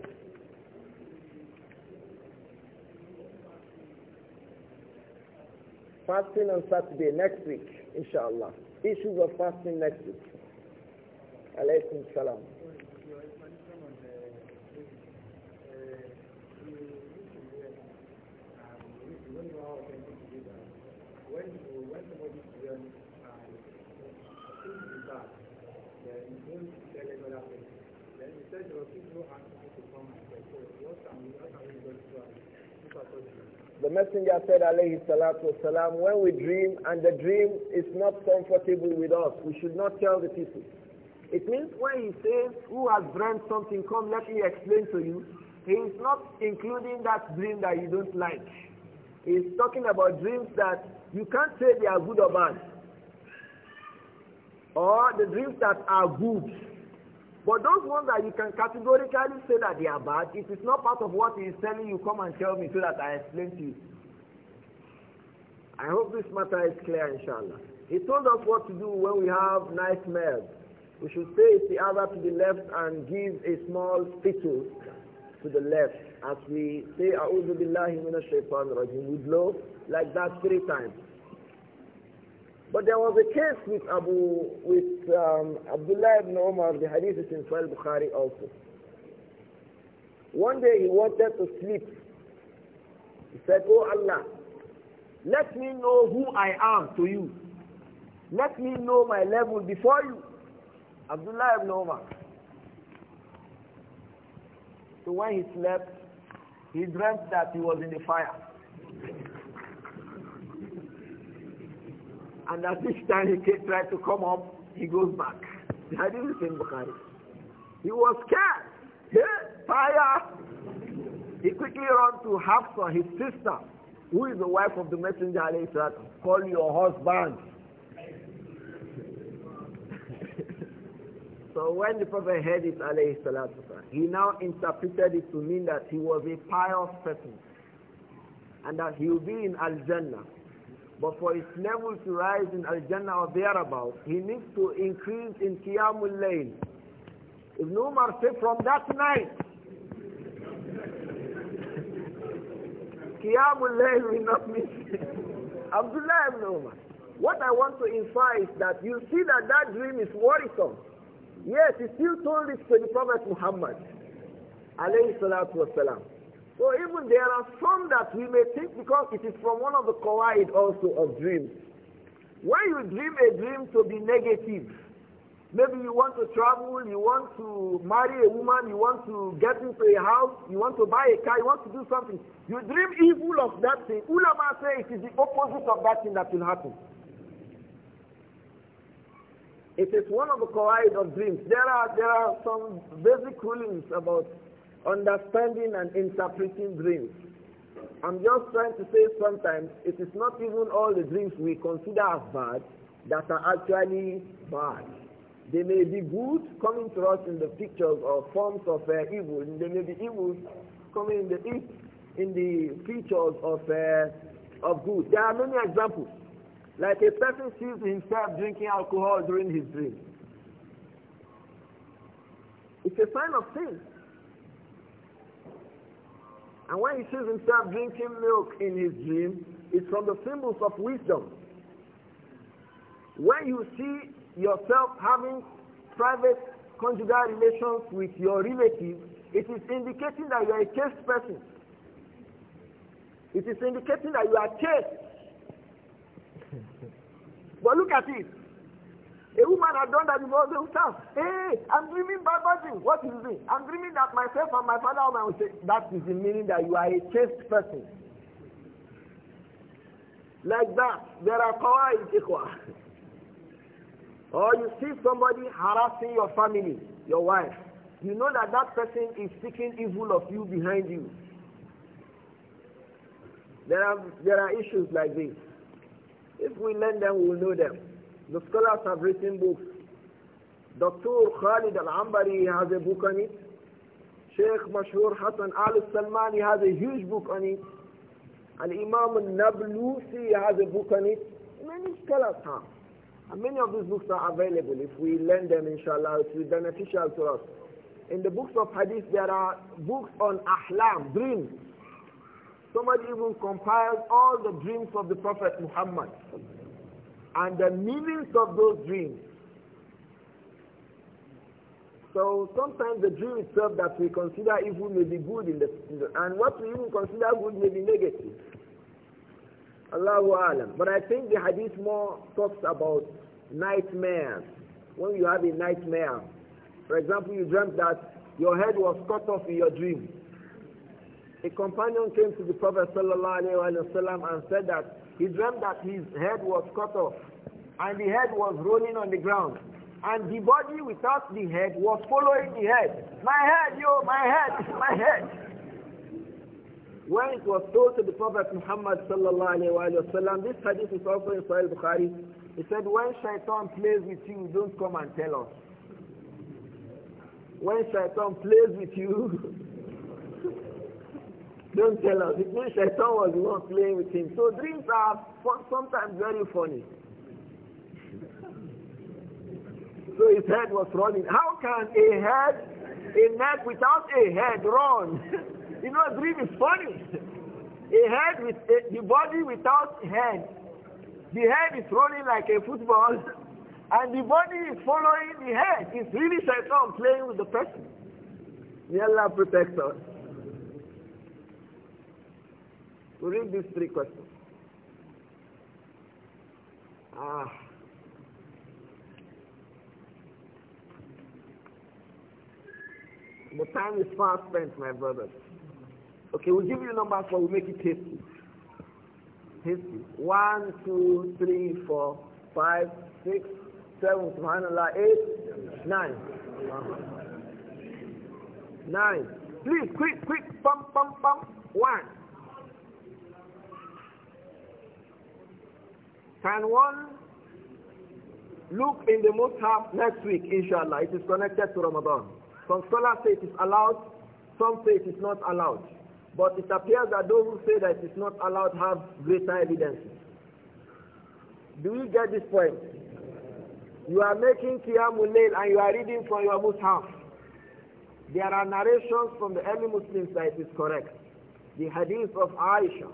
[SPEAKER 1] Fasting on Saturday next week, inshallah. Issues of fasting next week. Alaykum salam.
[SPEAKER 2] When, when somebody Oh,
[SPEAKER 1] the messenger said, alayhi salatu wasalam, when we dream and the dream is not comfortable with us, we should not tell the people. It means when he says, who has dreamt something, come let me explain to you, he is not including that dream that you don't like. He is talking about dreams that you can't say they are good or bad. Or the dreams that are good, but those ones that you can categorically say that they are bad, if it's not part of what he is telling you, come and tell me so that I explain to you. I hope this matter is clear, inshallah. He told us what to do when we have nightmares. We should face the other to the left and give a small spittle to the left as we say, A'udhu Billahi Minash Shaitan Rajim. We blow like that three times. But there was a case with Abu, with um, Abdullah ibn Omar, the hadith is in Sahih Bukhari also. One day he wanted to sleep. He said, Oh Allah, let me know who I am to you. Let me know my level before you. Abdullah ibn Omar. So when he slept, he dreamt that he was in the fire. And at each time he came, tried to come up, he goes back. The hadith is in Bukhari. He was scared. fire! He quickly ran to Hafsa, his sister, who is the wife of the messenger, and he said, call your husband.
[SPEAKER 2] (laughs)
[SPEAKER 1] so when the Prophet heard it, he now interpreted it to mean that he was a pious person and that he will be in Al-Jannah. But for his level to rise in Al-Jannah or thereabout, he needs to increase in Qiyamul Layl. Ibn Umar said, from that night, Qiyamul Layl will not miss (laughs) Abdullah ibn Umar. What I want to infer is that you see that that dream is worrisome. Yes, he still told it to the Prophet Muhammad, alayhi salatu wasalam. So even there are some that we may think because it is from one of the qawaid also of dreams. When you dream a dream to be negative, maybe you want to travel, you want to marry a woman, you want to get into a house, you want to buy a car, you want to do something. You dream evil of that thing. Ulama say it is the opposite of that thing that will happen. It is one of the qawaid of dreams. There are, there are some basic rulings about understanding and interpreting dreams. I'm just trying to say sometimes it is not even all the dreams we consider as bad that are actually bad. They may be good coming to us in the pictures or forms of uh, evil. They may be evil coming in the in the features of uh, of good. There are many examples. Like a person sees himself drinking alcohol during his dream. It's a sign of sin. And when he sees himself drinking milk in his dream, it's from the symbols of wisdom. When you see yourself having private conjugal relations with your relative, it is indicating that you are a chaste person. It is indicating that you are chaste. but look at it. A woman had done that before. They would tell, hey, I'm dreaming bad things. What is it? I'm dreaming that myself and my father woman will say, that is the meaning that you are a chaste person. Like that, there are in tikwa. or you see somebody harassing your family, your wife. You know that that person is seeking evil of you behind you. There are, there are issues like this. If we learn them, we will know them. The scholars have written books. Dr. Khalid Al-Ambari has a book on it. Sheikh Mashur Hassan Al-Salmani has a huge book on it. And imam Al-Nablusi has a book on it. Many scholars have. And many of these books are available. If we learn them, inshallah, it will be beneficial to us. In the books of hadith, there are books on ahlam, dreams. Somebody even compiled all the dreams of the Prophet Muhammad and the meanings of those dreams. So sometimes the dream itself that we consider evil may be good in the, in the and what we even consider good may be negative. Allahu alam. But I think the hadith more talks about nightmares. When you have a nightmare, for example, you dreamt that your head was cut off in your dream. A companion came to the Prophet sallallahu alaihi wasallam and said that he dreamt that his head was cut off and the head was rolling on the ground. And the body without the head was following the head. My head, yo, my head, (laughs) my head. When it was told to the Prophet Muhammad sallallahu alayhi wa sallam, this hadith is also in Sahih Bukhari. He said, when shaitan plays with you, don't come and tell us. When shaitan plays with you, (laughs) Don't tell us. It means Shaitan was the one playing with him. So dreams are sometimes very funny. so his head was running. How can a head, a neck without a head run? (laughs) you know, dream is funny. a head with a, the body without head. The head is running like a football, (laughs) and the body is following the head. It's really Shaitan playing with the person. May Allah protect us. To read these three questions. Ah. The time is far spent, my brothers. Okay, we'll give you numbers, but we'll make it hasty. Hasty. One, two, three, four, five, six, seven, subhanAllah, eight, nine. Nine. Please, quick, quick, pump, pump, pump. One. Can one look in the Mus'haf next week, inshallah? It is connected to Ramadan. Some scholars say it is allowed, some say it is not allowed. But it appears that those who say that it is not allowed have greater evidences. Do you get this point? You are making Qiyamul Layl and you are reading from your Mus'haf. There are narrations from the early Muslims that it is correct. The hadith of Aisha,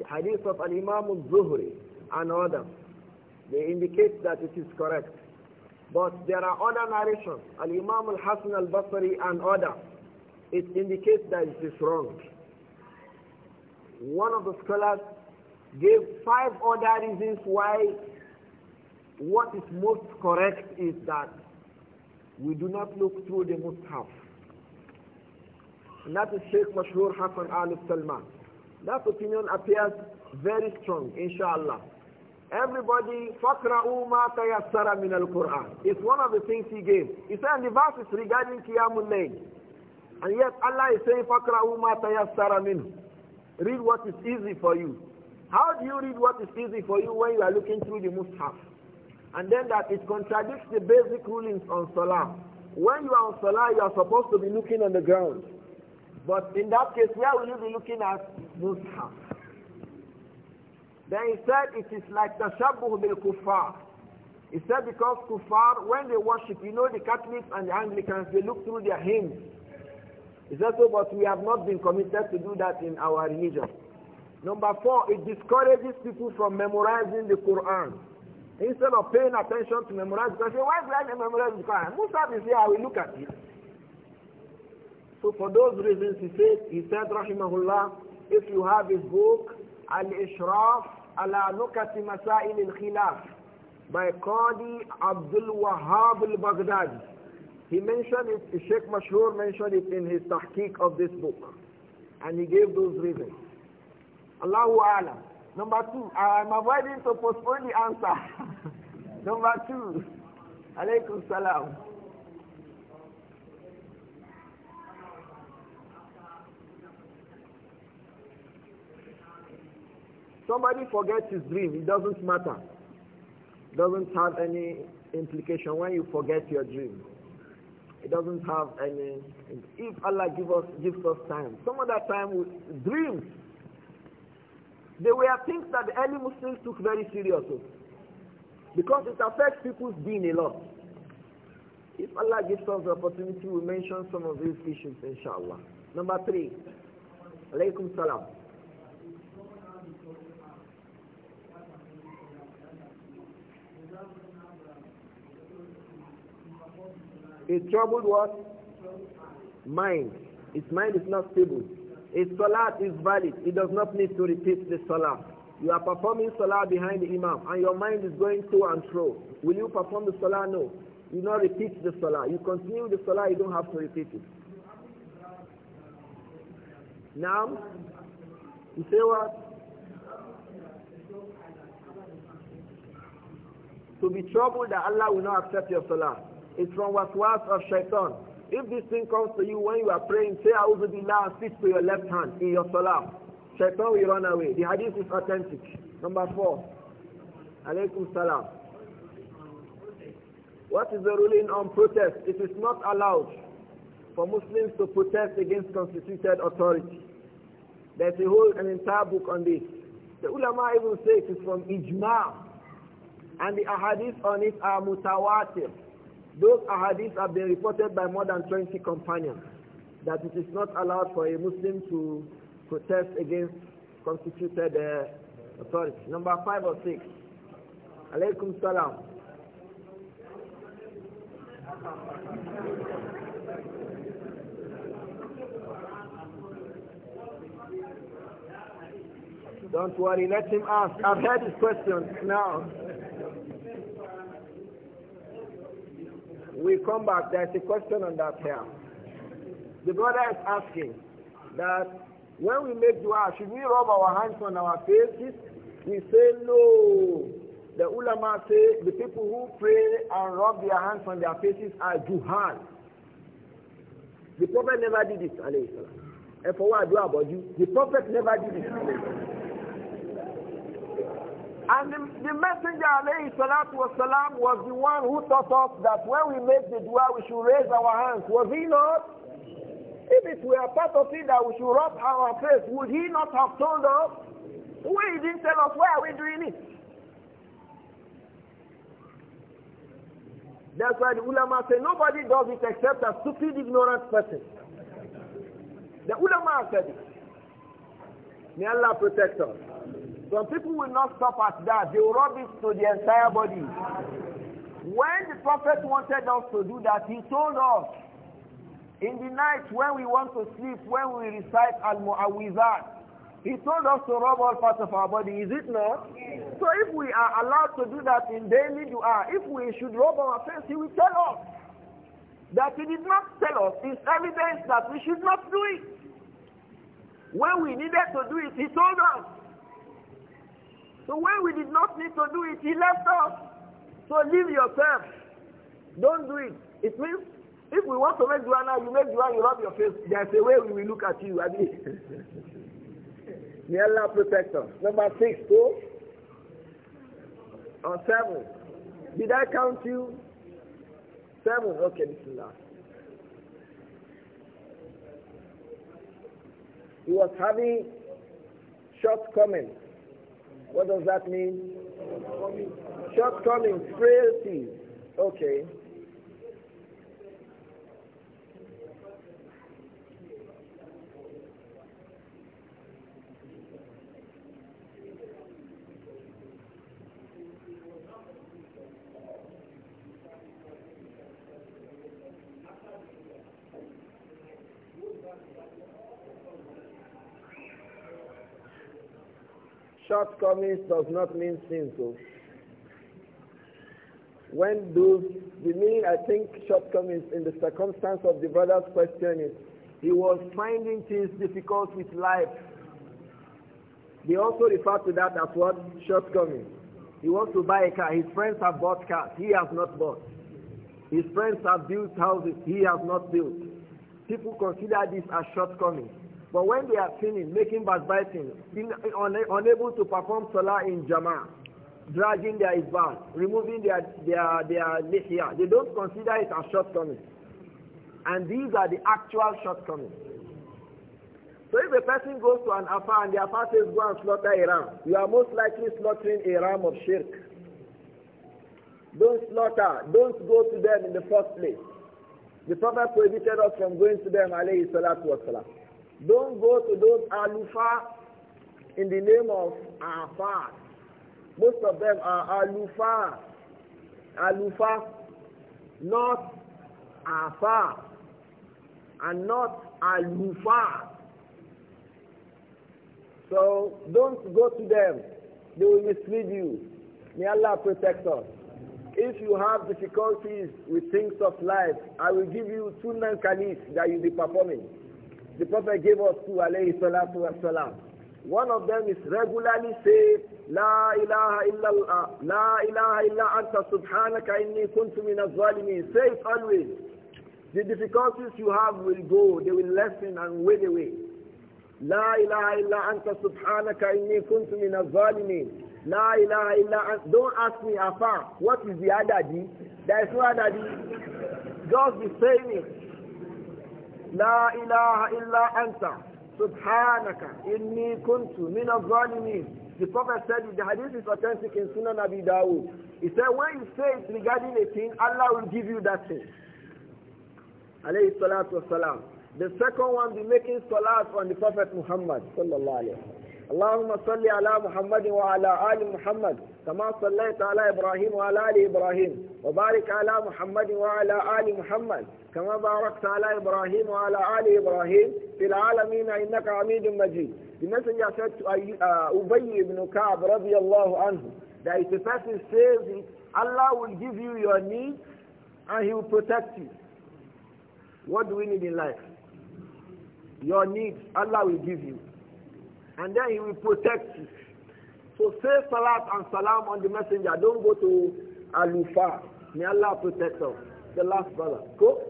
[SPEAKER 1] the hadith of Al-Imam al-Zuhri, and other, They indicate that it is correct. But there are other narrations, Al-Imam al-Hasan al-Basri and other, It indicates that it is wrong. One of the scholars gave five other reasons why what is most correct is that we do not look through the Mus'haf. And that is Sheikh Mashhur Hassan Al Salman. That opinion appears very strong, inshallah. Everybody, فَقْرَأُوا مَا تَيَسَّرَ مِنَ الْقُرْآنِ It's one of the things he gave. He said, and the verse is regarding Qiyamul Layl. And yet Allah is saying, فَقْرَأُوا مَا تَيَسَّرَ مِنْهُ Read what is easy for you. How do you read what is easy for you when you are looking through the Mus'haf? And then that it contradicts the basic rulings on Salah. When you are on Salah, you are supposed to be looking on the ground. But in that case, where will you be looking at Mus'haf? Then he said it is like the Shabuh bil Kuffar. He said because Kuffar, when they worship, you know the Catholics and the Anglicans, they look through their hymns. He said so, but we have not been committed to do that in our religion. Number four, it discourages people from memorizing the Quran. Instead of paying attention to memorize, They say, why do I memorize the Quran? Musab is here, I will look at it. So for those reasons, he said, he said, Rahimahullah, if you have his book, Al-Ishraf ala nukati masail al-khilaf by Qadi Abdul Wahab al-Baghdadi. He mentioned it, Sheikh Mashur mentioned it in his tahqiq of this book. And he gave those reasons. Allahu Alam. Number two, I'm avoiding to postpone the answer. (laughs) Number two, alaykum salam. Somebody forgets his dream, it doesn't matter. It doesn't have any implication when you forget your dream. It doesn't have any. If Allah give us, gives us time, some of that time we dreams. They were things that the early Muslims took very seriously oh. because it affects people's being a lot. If Allah gives us the opportunity, we mention some of these issues, inshallah. Number three,
[SPEAKER 2] alaykum salam. It troubled what?
[SPEAKER 1] Mind. Its mind is not stable. Its salat is valid. It does not need to repeat the salat. You are performing salah behind the imam and your mind is going to and fro. Will you perform the salah? No. You not repeat the salah. You continue the salah, you don't have to repeat it. Now, you say what? To be troubled that Allah will not accept your salah. It's from waswas of shaitan. If this thing comes to you when you are praying, say A'udhu Billah and sit to your left hand in your salah. Shaitan will run away. The hadith is authentic. Number four. Alaykum salam. What is the ruling on protest? It is not allowed for Muslims to protest against constituted authority. There's a whole an entire book on this. The ulama even say it is from ijma, and the ahadith on it are mutawatir. Those ahadith have been reported by more than 20 companions that it is not allowed for a Muslim to protest against constituted uh, authority. Number five or six. Alaykum salam. Don't worry, let him ask. I've heard his question now. we come back, there's a question on that here. The brother is asking that when we make dua, should we rub our hands on our faces? We say no. The ulama say the people who pray and rub their hands on their faces are juhal. The Prophet never did it, alayhi salam. And for what I do about you, the Prophet never did it, and the, the messenger alayhi salatu was the one who taught us that when we make the dua we should raise our hands. Was he not? If it were part of it that we should rub our face, would he not have told us? Why he didn't tell us why are we doing it? That's why the ulama say nobody does it except a stupid ignorant person. The ulama said it. May Allah protect us. Some people will not stop at that. They will rub it to the entire body. When the Prophet wanted us to do that, he told us, in the night when we want to sleep, when we recite Al-Mu'awizat, he told us to rub all parts of our body, is it not? Yes. So if we are allowed to do that in daily dua, if we should rub our face, he will tell us. That he did not tell us is evidence that we should not do it. When we needed to do it, he told us. So when we did not need to do it, he left us. So leave yourself. Don't do it. It means if we want to make dua you make dua, you rub your face. There's a way we will look at you. I (laughs) mean. Allah protect us. Number six, two or seven. Did I count you? Seven. Okay, this is last. He was having shortcomings what does that mean? Shortcomings, frailties. Okay. shortcomings does not mean sinful. when those, we mean? I think shortcomings in the circumstance of the brother's question is he was finding things difficult with life. They also refer to that as what? Shortcomings. He wants to buy a car. His friends have bought cars. He has not bought. His friends have built houses. He has not built. People consider this as shortcomings. But when they are sinning, making backbiting, being unable to perform salah in jama'ah, dragging their izbal, removing their, their, their lihya, they don't consider it as shortcomings. And these are the actual shortcomings. So if a person goes to an afar and the afar says, go and slaughter a ram, you are most likely slaughtering a ram of shirk. Don't slaughter, don't go to them in the first place. The Prophet prohibited us from going to them, alayhi salatu wasalam. Don't go to those alufa in the name of afa. Most of them are alufa. Alufa, not afa, and not alufa. So don't go to them. They will mislead you. May Allah protect us. If you have difficulties with things of life, I will give you two that you'll be performing the Prophet gave us two, alayhi salatu wasalam. One of them is regularly say, La ilaha illa, la ilaha illa anta subhanaka inni kuntu min al-zalimin. Say it always. The difficulties you have will go, they will lessen and wade away. La ilaha illa anta subhanaka inni kuntu min al-zalimin. La ilaha illa anta. Don't ask me afar, what is the adadi? There is no adadi. Just be saying it. لا إله إلا أنت سبحانك إني كنت من الظالمين The Prophet said the hadith is authentic in Sunan Abi Dawud. He said when you say it regarding a thing, Allah will give you that thing. Alayhi salatu wa salam. The second one be making salat on the Prophet Muhammad sallallahu alayhi wa sallam. اللهم صل على محمد وعلى آل محمد كما صليت على إبراهيم وعلى آل إبراهيم وبارك على محمد وعلى آل محمد كما باركت على إبراهيم وعلى آل إبراهيم في العالمين إنك عميد مجيد The messenger said to Ubay ibn Ka'b radiallahu anhu that if the person says it, Allah will give you your needs and He will protect you. What do we need in life? Your needs, Allah will give you. And then he will protect you. So say salat and salam on the messenger. Don't go to Alufa. May Allah protect us. The last brother. Go.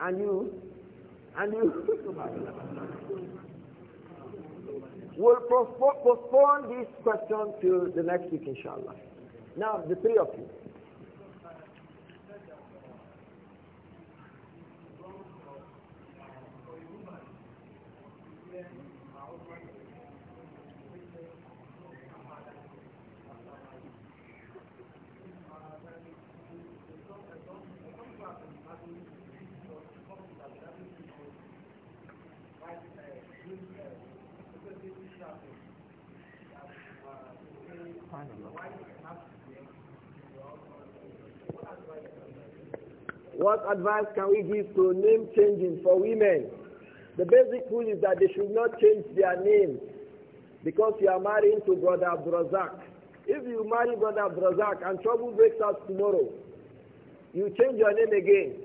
[SPEAKER 1] And you. And you. (laughs) we'll postpone this question to the next week, inshallah. Now, the three of you. What advice can we give to name changing for women? The basic rule is that they should not change their name because you are marrying to Brother Abdurazak. If you marry Brother Abdurazak and trouble breaks out tomorrow, you change your name again.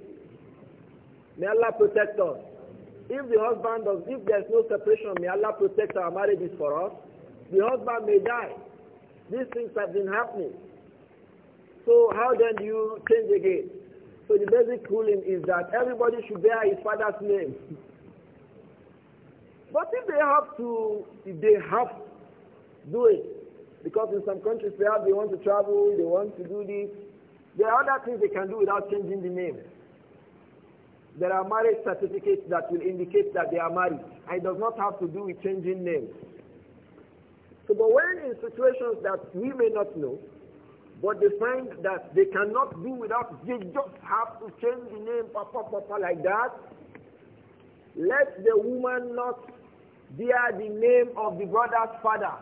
[SPEAKER 1] May Allah protect us. If the husband does, if there's no separation, may Allah protect our marriages for us. The husband may die. These things have been happening. So how then do you change again? So the basic ruling is that everybody should bear his father's name. But if they have to, if they have to do it, because in some countries perhaps they want to travel, they want to do this, there are other things they can do without changing the name. There are marriage certificates that will indicate that they are married, and it does not have to do with changing names. So, but when in situations that we may not know, but they find that they cannot do without, they just have to change the name, papa, papa, like that. Let the woman not bear the name of the brother's father.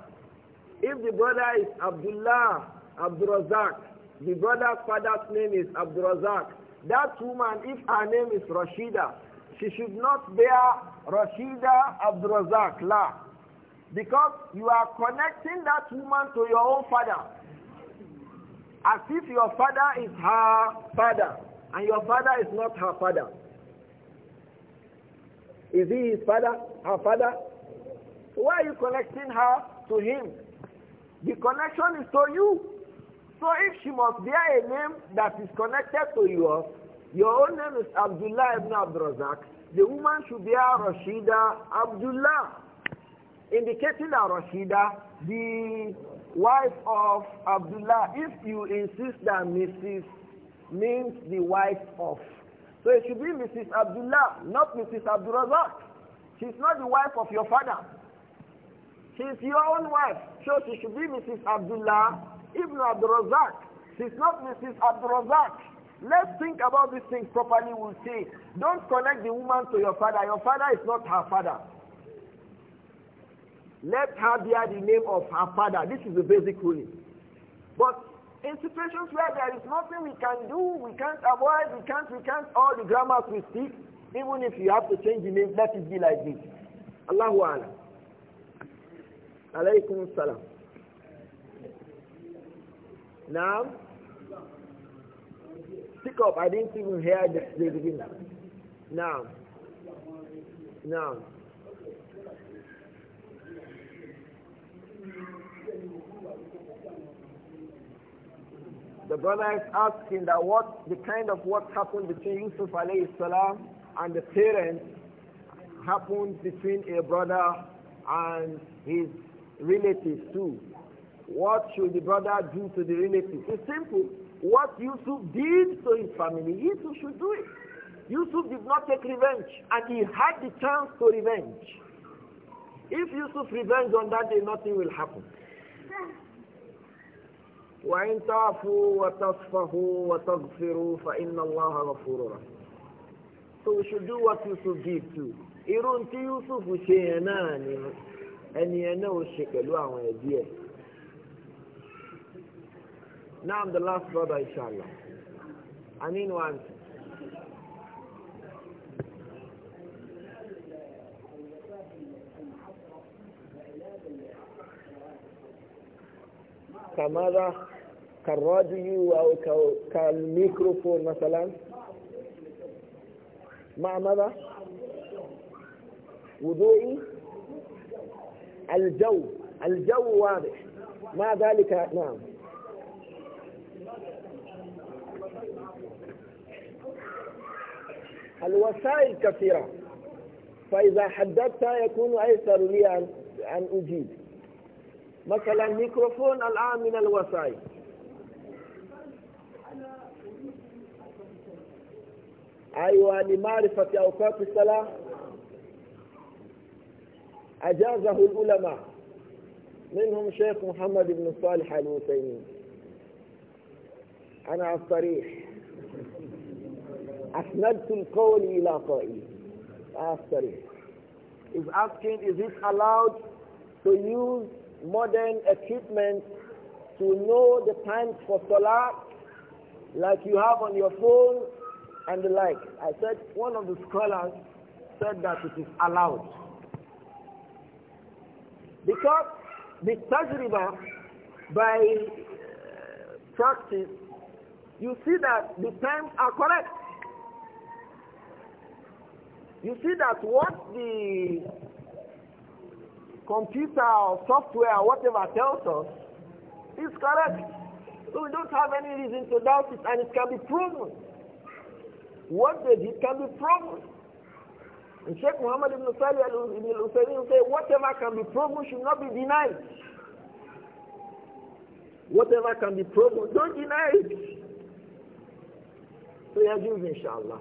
[SPEAKER 1] If the brother is Abdullah Abdurazak, the brother's father's name is Abdurazak. That woman, if her name is Rashida, she should not bear Rashida Abdurazak La. Because you are connecting that woman to your own father. As if your father is her father and your father is not her father. Is he his father, her father? Why are you connecting her to him? The connection is to you. So if she must bear a name that is connected to yours, your own name is Abdullah ibn Abdurazak, the woman should bear Rashida Abdullah, indicating that Rashida, the wife of Abdullah, if you insist that Mrs. means the wife of. So it should be Mrs. Abdullah, not Mrs. Abdulrazak. She's not the wife of your father. She's your own wife. So she should be Mrs. Abdullah Ibn Abdulrazak. She's not Mrs. Abdulrazak. Let's think about these things properly, we'll see. Don't connect the woman to your father. Your father is not her father. Let her bear the name of her father. This is the basic ruling. But in situations where there is nothing we can do, we can't avoid, we can't, we can't, all the grammars we speak, even if you have to change the name, let it be like this. Allahu Alam. Alaykum Salam. Now, pick up. I didn't even hear the, the beginning. Now, now. The brother is asking that what the kind of what happened between Yusuf alayhi salam and the parents happened between a brother and his relatives too. What should the brother do to the relatives? It's simple. What Yusuf did to his family, Yusuf should do it. Yusuf did not take revenge, and he had the chance to revenge. If Yusuf revenge on that day, nothing will happen. وإن تعفوا وتصفحوا وتغفروا فإن الله غفور رحيم So we should do what Yusuf did too. Irun tí Yusuf ṣe yẹn náà the last brother inshallah. I need one.
[SPEAKER 2] Kamara.
[SPEAKER 1] كالراديو أو كالميكروفون مثلا
[SPEAKER 2] مع ماذا؟ وضوئي الجو
[SPEAKER 1] الجو واضح مع ذلك نعم
[SPEAKER 2] الوسائل كثيرة
[SPEAKER 1] فإذا حددت يكون أيسر لي أن أجيب مثلا ميكروفون الآن من الوسائل aiwa ni maarifa ya ufati sala ajazahu ulama منهم شيخ محمد بن صالح الوسيمي انا الصريح اسندت القول الى قائل الصريح is asking is it allowed to use modern equipment to know the time for salah like you have on your phone and the like. I said one of the scholars said that it is allowed. Because the tajriba, by uh, practice, you see that the times are correct. You see that what the computer or software or whatever tells us is correct. So we don't have any reason to doubt it and it can be proven what they did can be proven. And Sheikh Muhammad ibn Salih ibn al-Usayn say, whatever can be proven should not be denied. Whatever can be proven, don't deny it. So يجوز inshallah.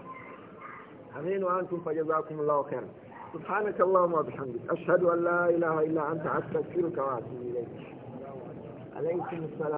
[SPEAKER 1] Amin wa antum وأنتم فجزاكم الله خيرا. سبحانك اللهم وبحمدك أشهد أن لا إله إلا أنت أستغفرك وأتوب إليك. عليكم السلام.